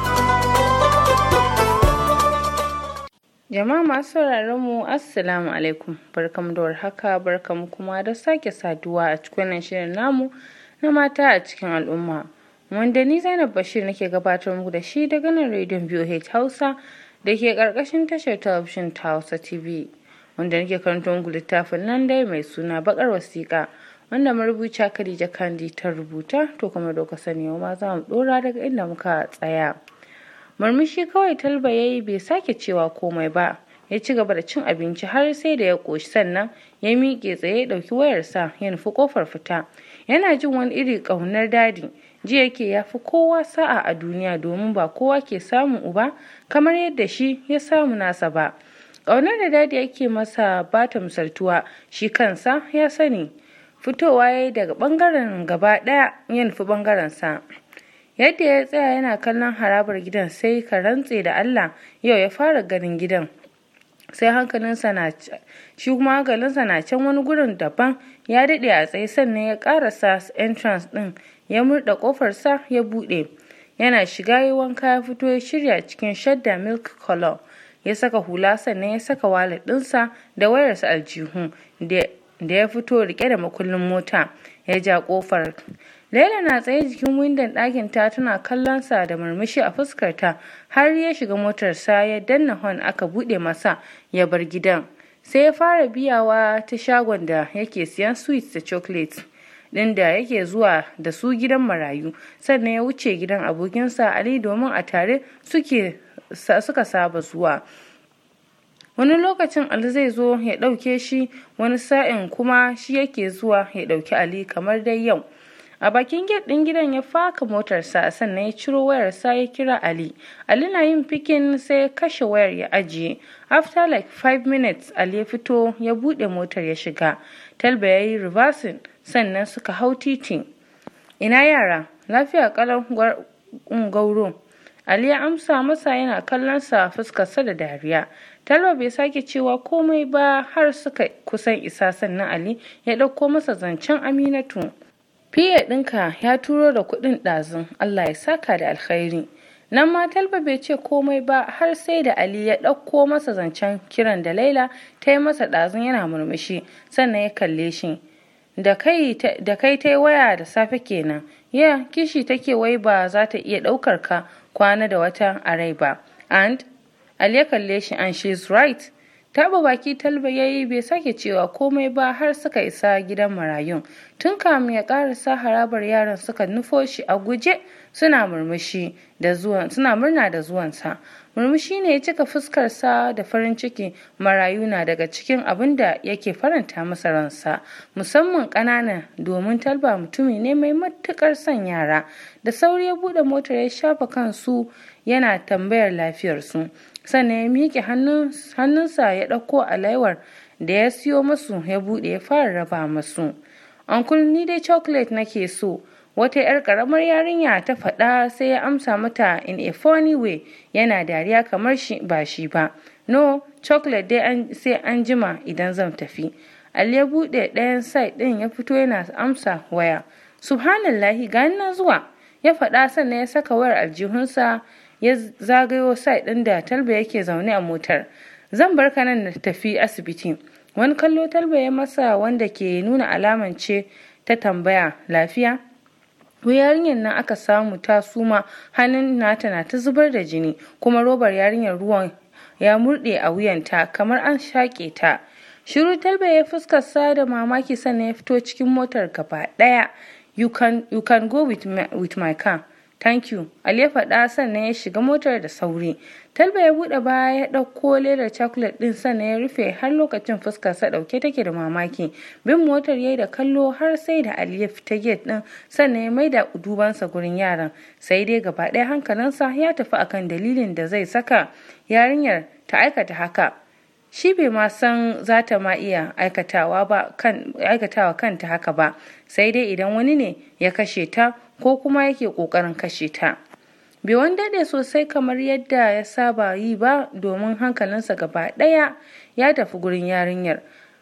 Jama'a masu sauraron mu Assalamu alaikum barkamu da warhaka barkamu kuma da sake saduwa a cikin wannan shirin namu na mata a cikin al'umma wanda ni Zainab Bashir nake gabatar muku da shi daga nan rediyon VOH Hausa da ke karkashin tashar talabijin ta Hausa TV wanda nake karanta muku littafin nan dai mai suna bakar wasiƙa wanda marubuciya Khadija Kandi ta rubuta to kuma doka sani ma za mu dora daga inda muka tsaya. murmushi kawai talba ya yi bai sake cewa komai ba ya ci gaba da cin abinci har sai da ya ƙoshi sannan ya miƙe tsaye ya ɗauki wayarsa ya nufi ƙofar fita yana jin wani iri ƙaunar dadi ji yake ya fi kowa sa'a a duniya domin ba kowa ke samun uba kamar yadda shi ya samu nasa ba ƙaunar da dadi yake masa ba ta misaltuwa shi kansa ya sani fitowa ya yi daga ɓangaren gaba ɗaya ya nufi ɓangaren sa yadda ya tsaya yana kallon harabar gidan sai ka rantse da allah yau ya fara ganin gidan sai hankalinsa na shi kuma hankalinsa na can wani gurin daban ya daɗe a tsaye sannan ya karasa entrance ɗin ya murda ƙofarsa ya buɗe yana shiga yi wanka ya fito ya shirya cikin shadda milk color ya saka hula sannan ya saka walet ɗinsa da wayarsa aljihu da ya fito rike da makullin mota ya ja kofar. Laila na tsaye jikin windon ɗakin ta tana kallon sa da murmushi a fuskarta har ya shiga motarsa ya danna hon aka buɗe masa ya bar gidan. Sai ya fara biyawa ta shagon da yake siyan sweets da chocolate ɗin da yake zuwa da su gidan marayu sannan ya wuce gidan abokinsa Ali domin a tare suke suka saba zuwa. wani lokacin ali zai zo ya ɗauke shi wani sa'in kuma shi yake zuwa ya ɗauki ali kamar dai yau a bakin gate din gidan ya faka motarsa sannan ya ciro wayarsa ya kira ali ali na yin fikin sai ya kashe wayar ya ajiye after like 5 minutes ali ya fito ya bude motar ya shiga talba ya yi reversing sannan suka hau titin ina yara lafiya kalan gwauro um, ali ya amsa masa yana kallon sa fuskarsa da dariya Talba bai sake cewa komai ba har suka kusan isa sannan Ali ya ɗauko masa zancen Aminatu. Fiye ɗinka ya turo da kuɗin ɗazun, Allah ya saka da alkhairi. Nan ma Talba bai ce komai ba har sai da Ali ya ɗauko masa zancen kiran da Laila ta yi masa ɗazun yana murmushi sannan ya kalle shi. Da kai ta yi waya da safe kenan, ya kishi take wai ba za ta iya ɗaukar ka kwana da wata a rai ba. And Ali ya kalle shi and she's right. taɓa baki talba ya yi bai sake cewa komai ba har suka isa gidan marayun tun kamun ya karasa harabar yaran suka nufo shi a guje suna murmushi da zuwan suna murna da zuwansa murmushi ne ya cika fuskarsa da farin ciki marayuna daga cikin abin da yake faranta masa ransa musamman ƙanana domin talba mutumi ne mai matuƙar son yara da sauri ya buɗe motar ya shafa kansu yana tambayar lafiyarsu sannan ya miƙe hannunsa ya ɗauko alaiwar da ya siyo masu ya buɗe ya fara raba masu uncle ni dai chocolate nake so wata 'yar ƙaramar yarinya ta faɗa sai ya amsa mata in a funny way yana dariya kamar shi ba shi ba no chocolate dai sai an jima idan zan tafi ali ya buɗe ɗayan side ɗin ya fito yana amsa waya subhanallahi gani na zuwa ya faɗa sannan ya saka wayar aljihunsa ya zagayo sai ɗin da talba yake zaune a motar zan bar ka nan na tafi asibiti wani kallo talba ya masa wanda ke nuna alaman ce ta tambaya lafiya yarinyar nan aka samu ta suma hannun nata na ta zubar da jini kuma robar yarinyar ruwan ya murɗe a wuyanta kamar an shaƙe ta shiru talba ya sa da mamaki sannan ya fito cikin motar gaba ɗaya you can, go with my car thank you ali ya faɗa sannan ya shiga motar da sauri talba ya buɗe baya ya ɗauko ledar chocolate ɗin sannan ya rufe har lokacin fuskarsa ɗauke take da mamaki bin motar ya yi da kallo har sai da ali ya fita gate ɗin sannan ya maida dubansa gurin yaran sai dai gaba ɗaya hankalinsa ya tafi akan dalilin da zai saka yarinyar ta aikata haka shi bai ma san za ta ma iya aikatawa kanta haka ba sai dai idan wani ne ya kashe ta ko kuma yake ƙoƙarin kashe ta bai wandaɗe ne sosai kamar yadda ya saba yi ba domin hankalinsa gaba ɗaya ya tafi gurin yarinyar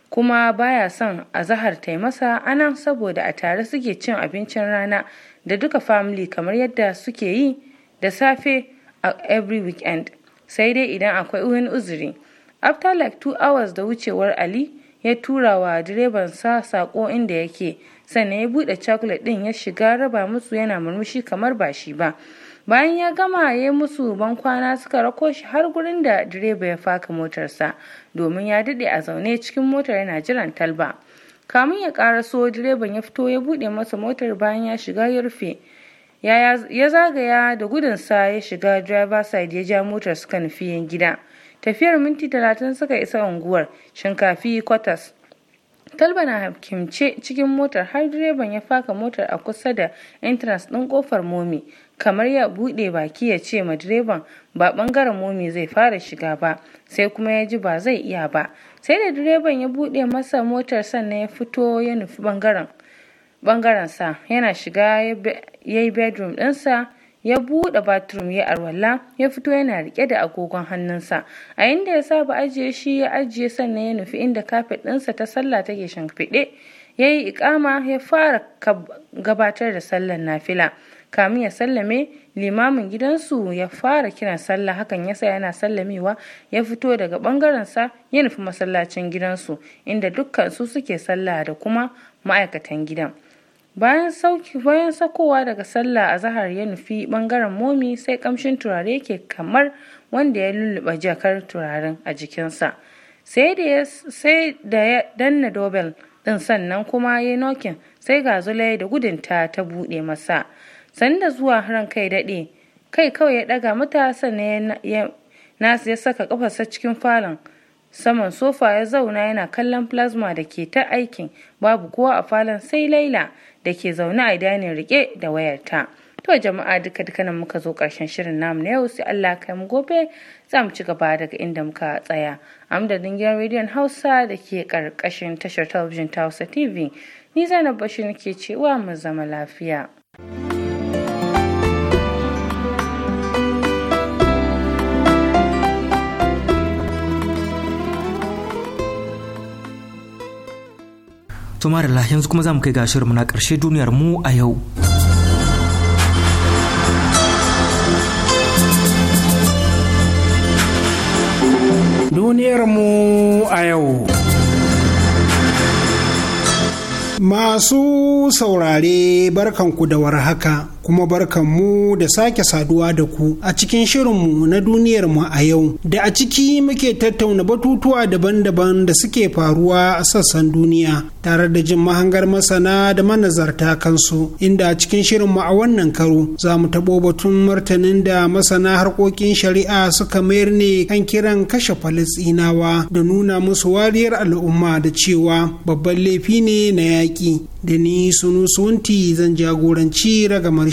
kuma baya son a zahar ta masa anan saboda a tare suke cin abincin rana da duka family kamar yadda suke yi da safe a every weekend sai dai idan akwai wani uzuri after like two hours da wucewar ali ya tura wa sa sako inda yake sannan ya bude chocolate din ya shiga raba musu yana murmushi kamar ba shi ba bayan ya gama ya musu bankwana suka rako shi har gurin da direba ya faka motarsa domin ya dade a zaune cikin motar yana jiran talba kamun ya karaso direban ya fito ya bude masa motar bayan ya shiga ya rufe ya zagaya da gudunsa ya shiga driver side ya ja motar suka nufi gida tafiyar minti talatin suka isa unguwar shinkafi kwatas talba na hakimce cikin motar har direban ya faka motar a kusa da entrance ɗin kofar momi kamar ya buɗe baki ya ce ma direban ba ɓangaren momi zai fara shiga ba sai kuma ya ji ba zai iya ba sai da direban ya buɗe masa motar sannan ya fito ya nufi ɓangaren sa yana shiga ya yi bedroom ɗinsa ya buɗe bathroom ya arwalla ya fito yana rike da agogon hannunsa a inda ya saba ajiye shi ya ajiye sannan ya nufi inda kafet ɗinsa ta sallah take shimfiɗe ya yi ikama ya fara gabatar da sallar nafila kamin ya sallame limamin gidansu ya fara kiran sallah hakan yasa yana sallamewa ya fito daga bangarensa ya nufi masallacin gidansu inda dukkan su suke sallah da kuma ma'aikatan gidan bayan bayan sakowa daga sallah a zahar ya nufi bangaren momi sai kamshin turare ke kamar wanda ya lulluɓa jakar turaren a jikinsa sai da ya danna dobel din sannan kuma ya yi nokin sai ga zulai da gudunta ta buɗe masa sanda zuwa ran kai daɗe kai kawai ya ɗaga mata sannan nasu ya saka ƙafarsa cikin falon saman sofa ya zauna yana kallon plasma da ke ta aikin babu kowa a falon sai laila da ke zaune a idanin rike da wayarta to jama'a duka duka nan muka zo karshen shirin namu na yau sai Allah kai mu gobe za mu ci gaba daga inda muka tsaya amdadin gidan rediyon hausa da ke karkashin tashar talabijin ta hausa tv ni zainab bashir ke cewa mu zama lafiya. thank you to marilla yanzu kuma za mu kai ga shirinmu na ƙarshe duniyar mu a yau duniyar mu a yau Masu saurare barkanku da haka. kuma barkan mu da sake saduwa da ku a cikin shirinmu na duniyar mu a yau da a ciki muke tattauna batutuwa daban-daban da suke faruwa a sassan duniya tare da jin mahangar masana da manazarta kansu inda a cikin mu a wannan karo za mu taɓo batun martanin da masana harkokin shari'a suka mayar ne kan kiran kashe falisinawa da nuna musu wariyar al'umma da cewa babban laifi ne na yaƙi da ni sunti zan jagoranci ragamar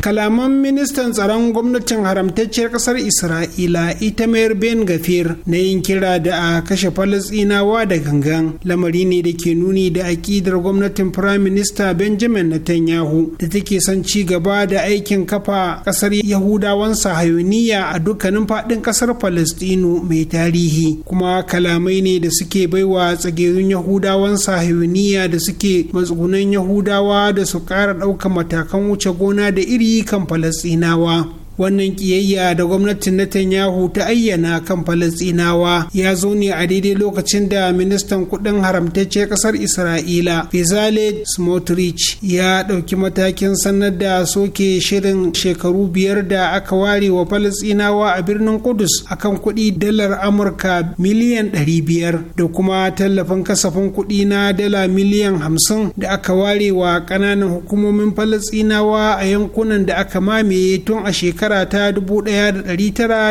kalaman ministan tsaron gwamnatin haramtacciyar kasar isra'ila ita mayar ben gafir na yin kira da a kashe falasinawa da gangan lamari ne da ke nuni da akidar gwamnatin prime minister benjamin netanyahu da take son ci gaba da aikin kafa kasar yahudawan sahayoniya a dukkanin faɗin kasar falastinu mai tarihi kuma kalamai ne da suke baiwa tsagerun yahudawan sahayoniya da suke matsugunan yahudawa da su ƙara ɗauka matakan wuce gona da iri kan falasinawa wannan kiyayya da gwamnatin Netanyahu ta ayyana kan Falasɗinawa ya zo ne a daidai lokacin da ministan kuɗin haramtacce ƙasar Isra'ila Bezalel Smotrich ya ɗauki matakin sanar da soke shirin shekaru biyar da aka ware wa Falasɗinawa a birnin Kudus akan kuɗi dalar Amurka miliyan ɗari biyar da kuma tallafin kasafin kuɗi na dala miliyan hamsin da aka ware wa ƙananan hukumomin Falasɗinawa a yankunan da aka mamaye tun a shekara shekara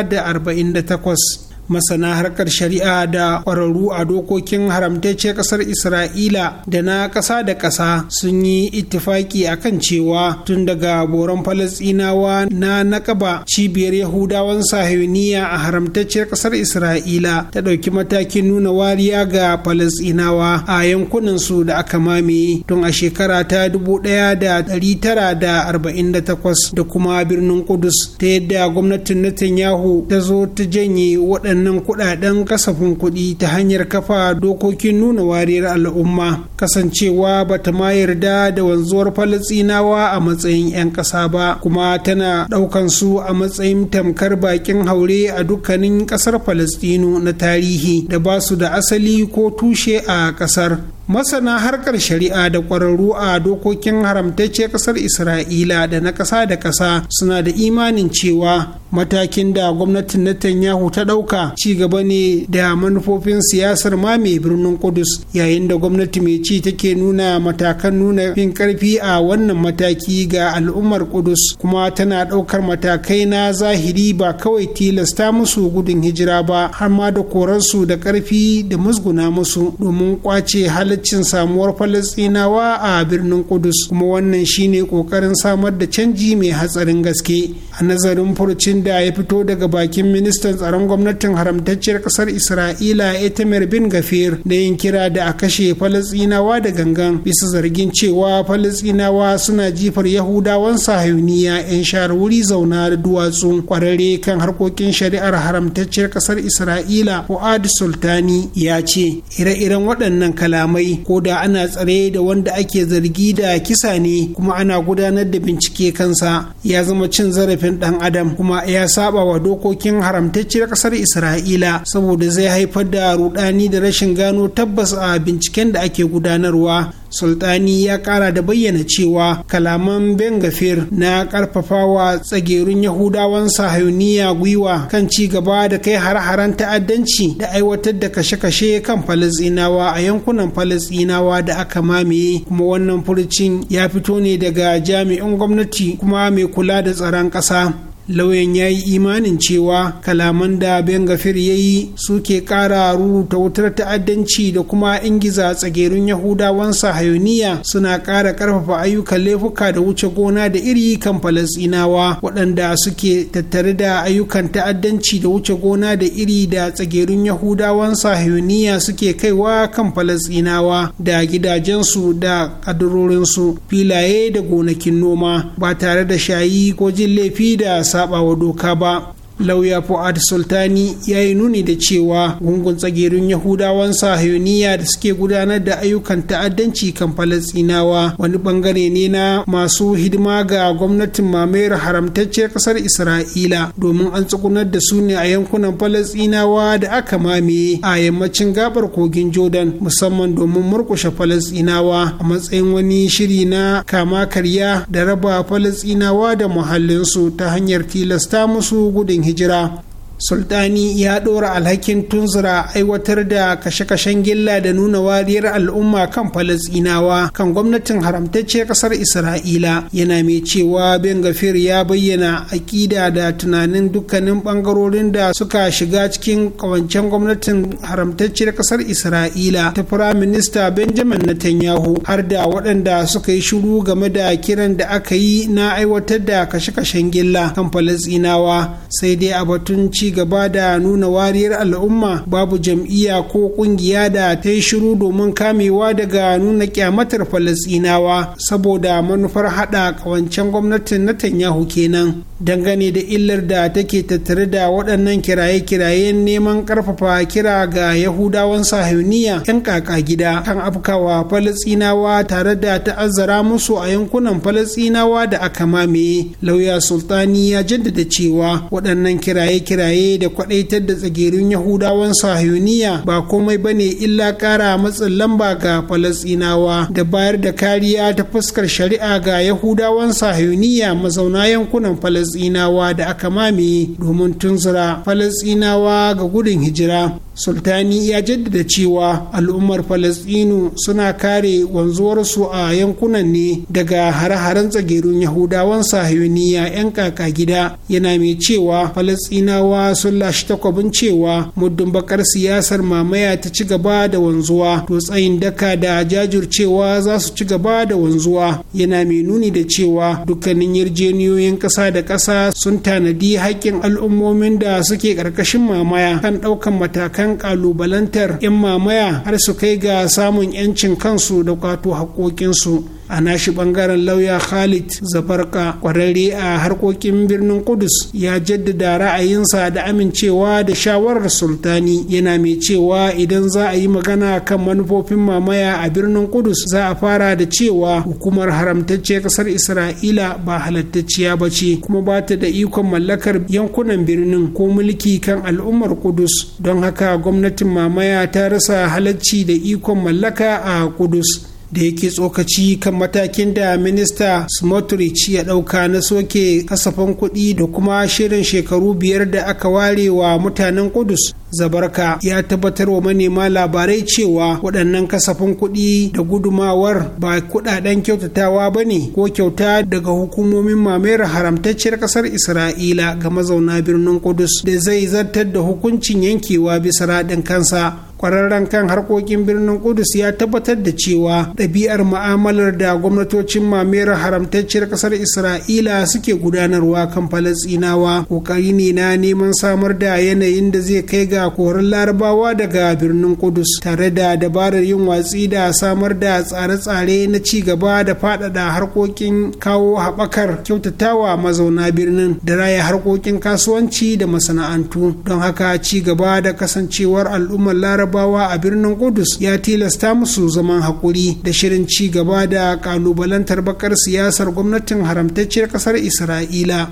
ta 1948 masana harkar shari'a da kwararru a dokokin haramtacce kasar isra'ila da na kasa da kasa sun yi ittifaki akan cewa tun daga boron falasɗinawa na naƙaba cibiyar yahudawan sahauniya a haramtacciyar kasar isra'ila ta ɗauki matakin nuna wariya ga falasɗinawa a yankunan su da aka mame. tun a shekara ta 1948 da kuma birnin kudus ta yadda gwamnatin netanyahu ta zo ta janye waɗannan waɗannan kuɗaɗen kasafin kuɗi ta hanyar kafa dokokin nuna wariyar al'umma kasancewa ba ta ma yarda da wanzuwar falastinawa a matsayin 'yan ƙasa ba kuma tana ɗaukan su a matsayin tamkar bakin haure a dukkanin ƙasar falastinu na tarihi da ba su da asali ko tushe a ƙasar masana harkar shari'a da ƙwararru a dokokin haramtacce ƙasar isra'ila da na ƙasa da ƙasa suna da imanin cewa matakin da gwamnatin netanyahu ta ɗauka ci gaba ne da manufofin siyasar ma mai birnin kudus yayin da gwamnati mai ci take nuna matakan nuna fin karfi a wannan mataki ga al'ummar kudus kuma tana ɗaukar matakai na zahiri ba kawai tilasta musu gudun hijira ba har ma da korarsu da karfi da musguna musu domin kwace halaccin samuwar falastinawa a birnin kudus kuma wannan shine kokarin samar da canji mai hatsarin gaske a nazarin furcin da ya fito daga bakin ministan tsaron gwamnatin haramtacciyar kasar isra'ila etamir bin gafir da yin kira da a kashe falasinawa da gangan bisa zargin cewa falasinawa suna jifar yahudawan sahayuniya 'yan shahar wuri zauna da duwatsu kwararre kan harkokin shari'ar haramtacciyar kasar isra'ila fuad sultani ya ce ire-iren waɗannan kalamai ko da ana tsare da wanda ake zargi da kisa ne kuma ana gudanar da bincike kansa ya zama cin zarafin ɗan adam kuma ya saba wa dokokin haramtacciyar kasar isra'ila isra'ila saboda zai haifar da rudani da rashin gano tabbas a binciken da ake gudanarwa sultani ya kara da bayyana cewa kalaman ben gafir na karfafawa tsagerun yahudawan sahayuniya gwiwa kan ci gaba da kai har-haren ta'addanci da aiwatar da kashe-kashe kan falasinawa a yankunan falasinawa da aka mamaye kuma wannan furucin ya fito ne daga jami'in gwamnati kuma mai kula da tsaron ƙasa lauyan ya yi imanin cewa kalaman da bengafir ya yi suke ƙara rubuta wutar ta'addanci da kuma ingiza tsagerun yahudawan sahayoniya suna ƙara ƙarfafa ayyukan laifuka da wuce gona da iri kan falasinawa waɗanda suke tattare da ayyukan ta'addanci da wuce gona da iri da tsagerun yahudawan sahayoniya suke kaiwa kan falasinawa da gidajensu da kadurorinsu filaye da gonakin noma ba tare da shayi ko jin laifi da sa saba wa doka ba lauya fuad sultani ya yi nuni da cewa gungun tsagerun yahudawan sahiyoniya da suke gudanar da ayyukan ta'addanci kan falastinawa wani bangare ne na masu hidima ga gwamnatin mamayar haramtacciyar kasar isra'ila domin an tsugunar da su ne a yankunan falastinawa da aka mamaye a yammacin gabar kogin jordan musamman domin murkushe falastinawa a matsayin wani shiri na kama karya da raba falastinawa da muhallinsu ta hanyar tilasta musu gudun 你知道？sultani ya ɗora alhakin tunzura aiwatar da kashe-kashen gilla da nuna wariyar al'umma kan falasinawa kan gwamnatin haramtacce kasar isra'ila yana mai cewa ben gafir ya bayyana aƙida da tunanin dukkanin ɓangarorin da suka shiga cikin ƙawancen gwamnatin haramtacciyar ƙasar isra'ila ta firaminista benjamin netanyahu har da waɗanda suka yi shiru game da kiran da aka yi na aiwatar da kashe-kashen gilla kan falasinawa sai dai a batun ci ci gaba da nuna wariyar al'umma babu jam'iyya ko kungiya da ta yi shiru domin kamewa daga nuna kyamatar falasinawa saboda manufar hada kawancen gwamnatin Netanyahu kenan dangane da illar da take tattare da waɗannan kiraye-kirayen neman ƙarfafa kira ga yahudawan sahiyoniya 'yan kaka gida kan afkawa falasinawa tare da ta'azzara musu a yankunan falasinawa da aka mamaye lauya sultani ya jaddada cewa waɗannan kiraye-kiraye da kwadaitar da tsagerin yahudawan sahiyoniya ba komai ba ne illa kara matsin lamba ga falasinawa da bayar da kariya ta fuskar shari'a ga yahudawan sahiyoniya mazauna yankunan falasinawa da aka mame domin tunzura falasinawa ga gudun hijira sultani ya jaddada cewa al'ummar falasɗinu suna kare wanzuwarsu a yankunan ne daga hare-haren tsagerun yahudawan sahiyoniya 'yan kaka gida yana mai cewa falasɗinawa sun lashe takwabin cewa muddin bakar siyasar mamaya ta ci gaba da wanzuwa to tsayin daka da jajircewa za su ci gaba da wanzuwa yana mai nuni da cewa dukkanin yarjeniyoyin ƙasa da ƙasa sun tanadi haƙƙin al'ummomin da suke ƙarƙashin mamaya kan ɗaukan matakan yan kalubalantar 'yan mamaya har su kai ga samun 'yancin kansu da kwato haƙoƙinsu a nashi bangaren lauya khalid zafarka kwararre a harkokin birnin kudus ya jaddada ra'ayinsa da amincewa da shawarar sultani yana mai cewa idan za a yi magana kan manufofin mamaya a birnin kudus za a fara da cewa hukumar haramtacce kasar isra'ila ba halattacciya ba ce kuma ba ta da ikon mallakar yankunan birnin ko mulki kan al'ummar kudus don haka gwamnatin mamaya ta rasa halacci da ikon mallaka a kudus da yake tsokaci kan matakin da minista smotrich ya ɗauka na soke kasafin kuɗi da kuma shirin shekaru biyar da aka ware wa mutanen kudus zabarka ya tabbatar wa manema labarai cewa waɗannan kasafin kuɗi da gudumawar ba kuɗaɗen kyautatawa ba ne ko kyauta daga hukumomin mamayar haramtacciyar ƙasar isra'ila ga mazauna birnin kudus da zai zartar da hukuncin yankewa bisa raɗin kansa kwararren kan harkokin birnin kudus ya tabbatar da cewa ɗabi'ar ma'amalar da gwamnatocin mamayar haramtacciyar ƙasar isra'ila suke gudanarwa kan falasinawa ƙoƙari ne na neman samar da yanayin da zai kai ga da larabawa daga birnin kudus tare da dabarar yin watsi da samar da tsare-tsare na ci gaba da faɗaɗa harkokin kawo haɓakar kyautatawa mazauna birnin da raya harkokin kasuwanci da masana'antu don haka ci gaba da kasancewar al'ummar larabawa a birnin kudus ya tilasta musu zaman haƙuri da shirin ci gaba da ƙalubalantar bakar siyasar gwamnatin haramtacciyar ƙasar isra'ila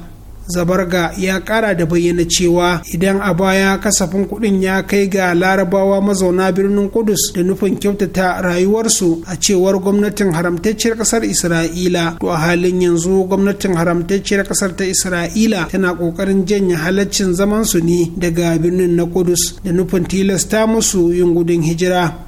zabarga ya kara da bayyana cewa idan a baya kasafin kuɗin ya kai ga larabawa mazauna birnin kudus da nufin kyautata rayuwarsu a cewar gwamnatin haramtacciyar kasar isra'ila to a halin yanzu gwamnatin haramtacciyar kasar ta isra'ila tana kokarin janye halaccin zamansu ne daga birnin na kudus da nufin tilasta musu yin gudun hijira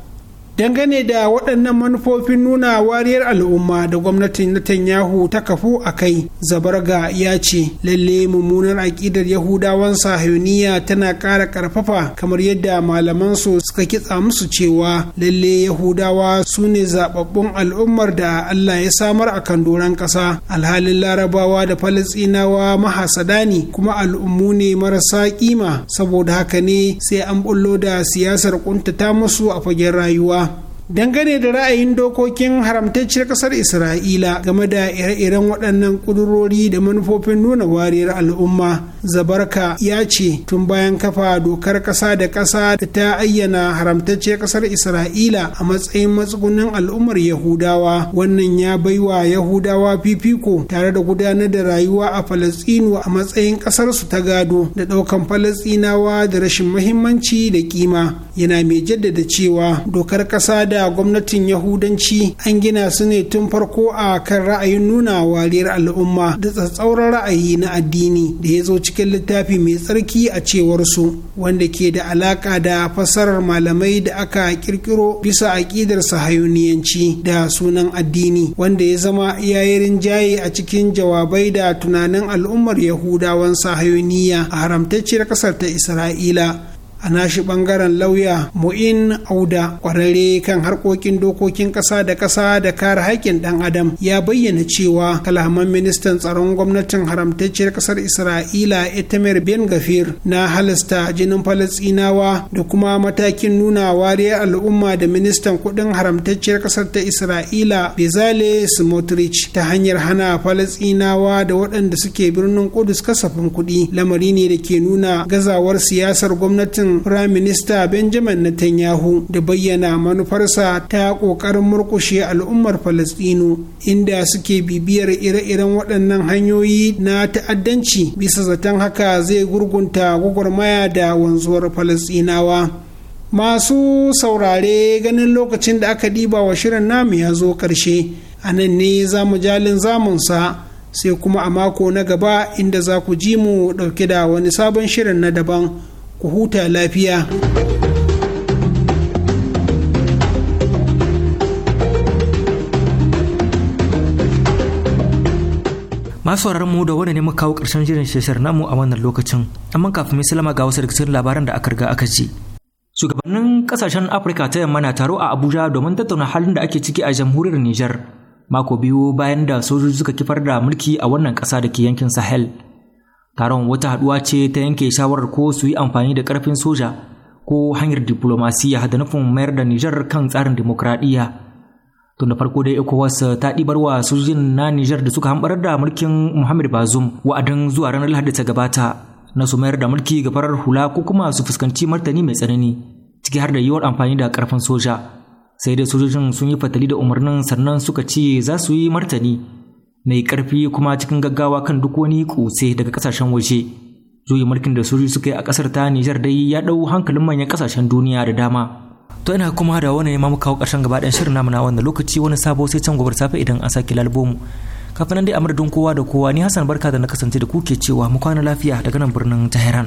dangane da waɗannan manufofin nuna wariyar al'umma da gwamnatin Netanyahu ta kafu a kai zabarga ya ce lalle mummunar aƙidar yahudawan sahiyoniya tana ƙara ƙarfafa kamar yadda malaman su suka kitsa musu cewa lalle yahudawa su ne zaɓaɓɓun al'ummar da Allah ya samar a kan doron ƙasa alhalin larabawa da falastinawa mahasada ne kuma al'ummu ne marasa kima saboda haka ne sai an bullo da siyasar ƙuntata musu a fagen rayuwa dangane da ra'ayin dokokin haramtacciyar kasar isra'ila game da ire-iren waɗannan ƙudurori da manufofin nuna wariyar al'umma zabarka ya ce tun bayan kafa dokar ƙasa da ƙasa da ta ayyana haramtacciyar kasar isra'ila a matsayin matsugunin al'ummar yahudawa wannan ya baiwa yahudawa fifiko tare da gudanar da rayuwa a falastinu a matsayin ƙasarsu ta gado da ɗaukan falastinawa da rashin muhimmanci da kima yana mai jaddada cewa dokar ƙasa da da gwamnatin yahudanci an gina su ne tun farko a kan ra'ayin nuna wariyar al'umma da tsatsauran ra'ayi na addini da ya zo cikin littafi mai tsarki a cewar su wanda ke da alaka da fasarar malamai da aka kirkiro bisa aƙidar sahayuniyanci da sunan addini wanda ya zama yi rinjaye a cikin jawabai da tunanin al'ummar yahudawan sahayuniya a haramtacciyar ƙasar ta isra'ila a nashi bangaren lauya mu'in auda kwararre kan harkokin dokokin kasa da kasa da kare haƙƙin ɗan adam ya bayyana cewa kalaman ministan tsaron gwamnatin haramtacciyar ƙasar isra'ila itamar ben gafir na halasta jinin falastinawa da kuma matakin nuna wariyar al'umma da ministan kuɗin haramtacciyar ƙasar ta isra'ila bezale smotrich ta hanyar hana falastinawa da waɗanda suke birnin kudus kasafin kuɗi lamari ne da ke nuna gazawar siyasar gwamnatin gwamnatin firaminista benjamin netanyahu da bayyana manufarsa ta ƙoƙarin murƙushe al'ummar falastinu inda suke bibiyar ire-iren waɗannan hanyoyi na ta'addanci bisa zaton haka zai gurgunta gwagwarmaya da wanzuwar falastinawa masu saurare ganin lokacin da aka ɗiba wa shirin namu ya zo ƙarshe a nan ne za mu jalin zamunsa sai kuma a mako na gaba inda za ku ji mu ɗauke da wani sabon shirin na daban ku huta lafiya masu mu da wani ne kawo ƙarshen jirin shishir namu a wannan lokacin amma kafin mai salama ga wasu daga labaran da aka riga aka ji shugabannin kasashen afirka ta yamma na taro a abuja domin tattauna halin da ake ciki a jamhuriyar nijar mako biyu bayan da sojoji suka kifar da mulki a wannan ƙasa da ke yankin sahel taron wata haduwa ce ta yanke shawarar ko su yi amfani da karfin soja ko hanyar diplomasiya da nufin mayar da Nijar kan tsarin demokradiyya. tun da farko da ECOWAS ta ɗibar wa sojojin na Nijar da suka hambar da mulkin Muhammad Bazoum wa'adin zuwa ranar Lahadi ta gabata na su mayar da mulki ga farar hula ko kuma su fuskanci martani mai tsanani ciki har da yiwuwar amfani da karfin soja sai dai sojojin sun yi fatali da umarnin sannan suka ce za su yi martani mai ƙarfi kuma cikin gaggawa kan duk wani kutse daga ƙasashen waje zuyi mulkin da sojoji suka yi a ƙasar ta Nijar dai ya ɗau hankalin manyan ƙasashen duniya da dama to ina kuma da wani ma kawo ƙarshen gaba ɗayan shirin namu na wannan lokaci wani sabo sai can gobar safe idan an sake lalbomu kafin nan dai a madadin kowa da kowa ni Hassan barka da na kasance da kuke cewa mu kwana lafiya daga nan birnin Tehran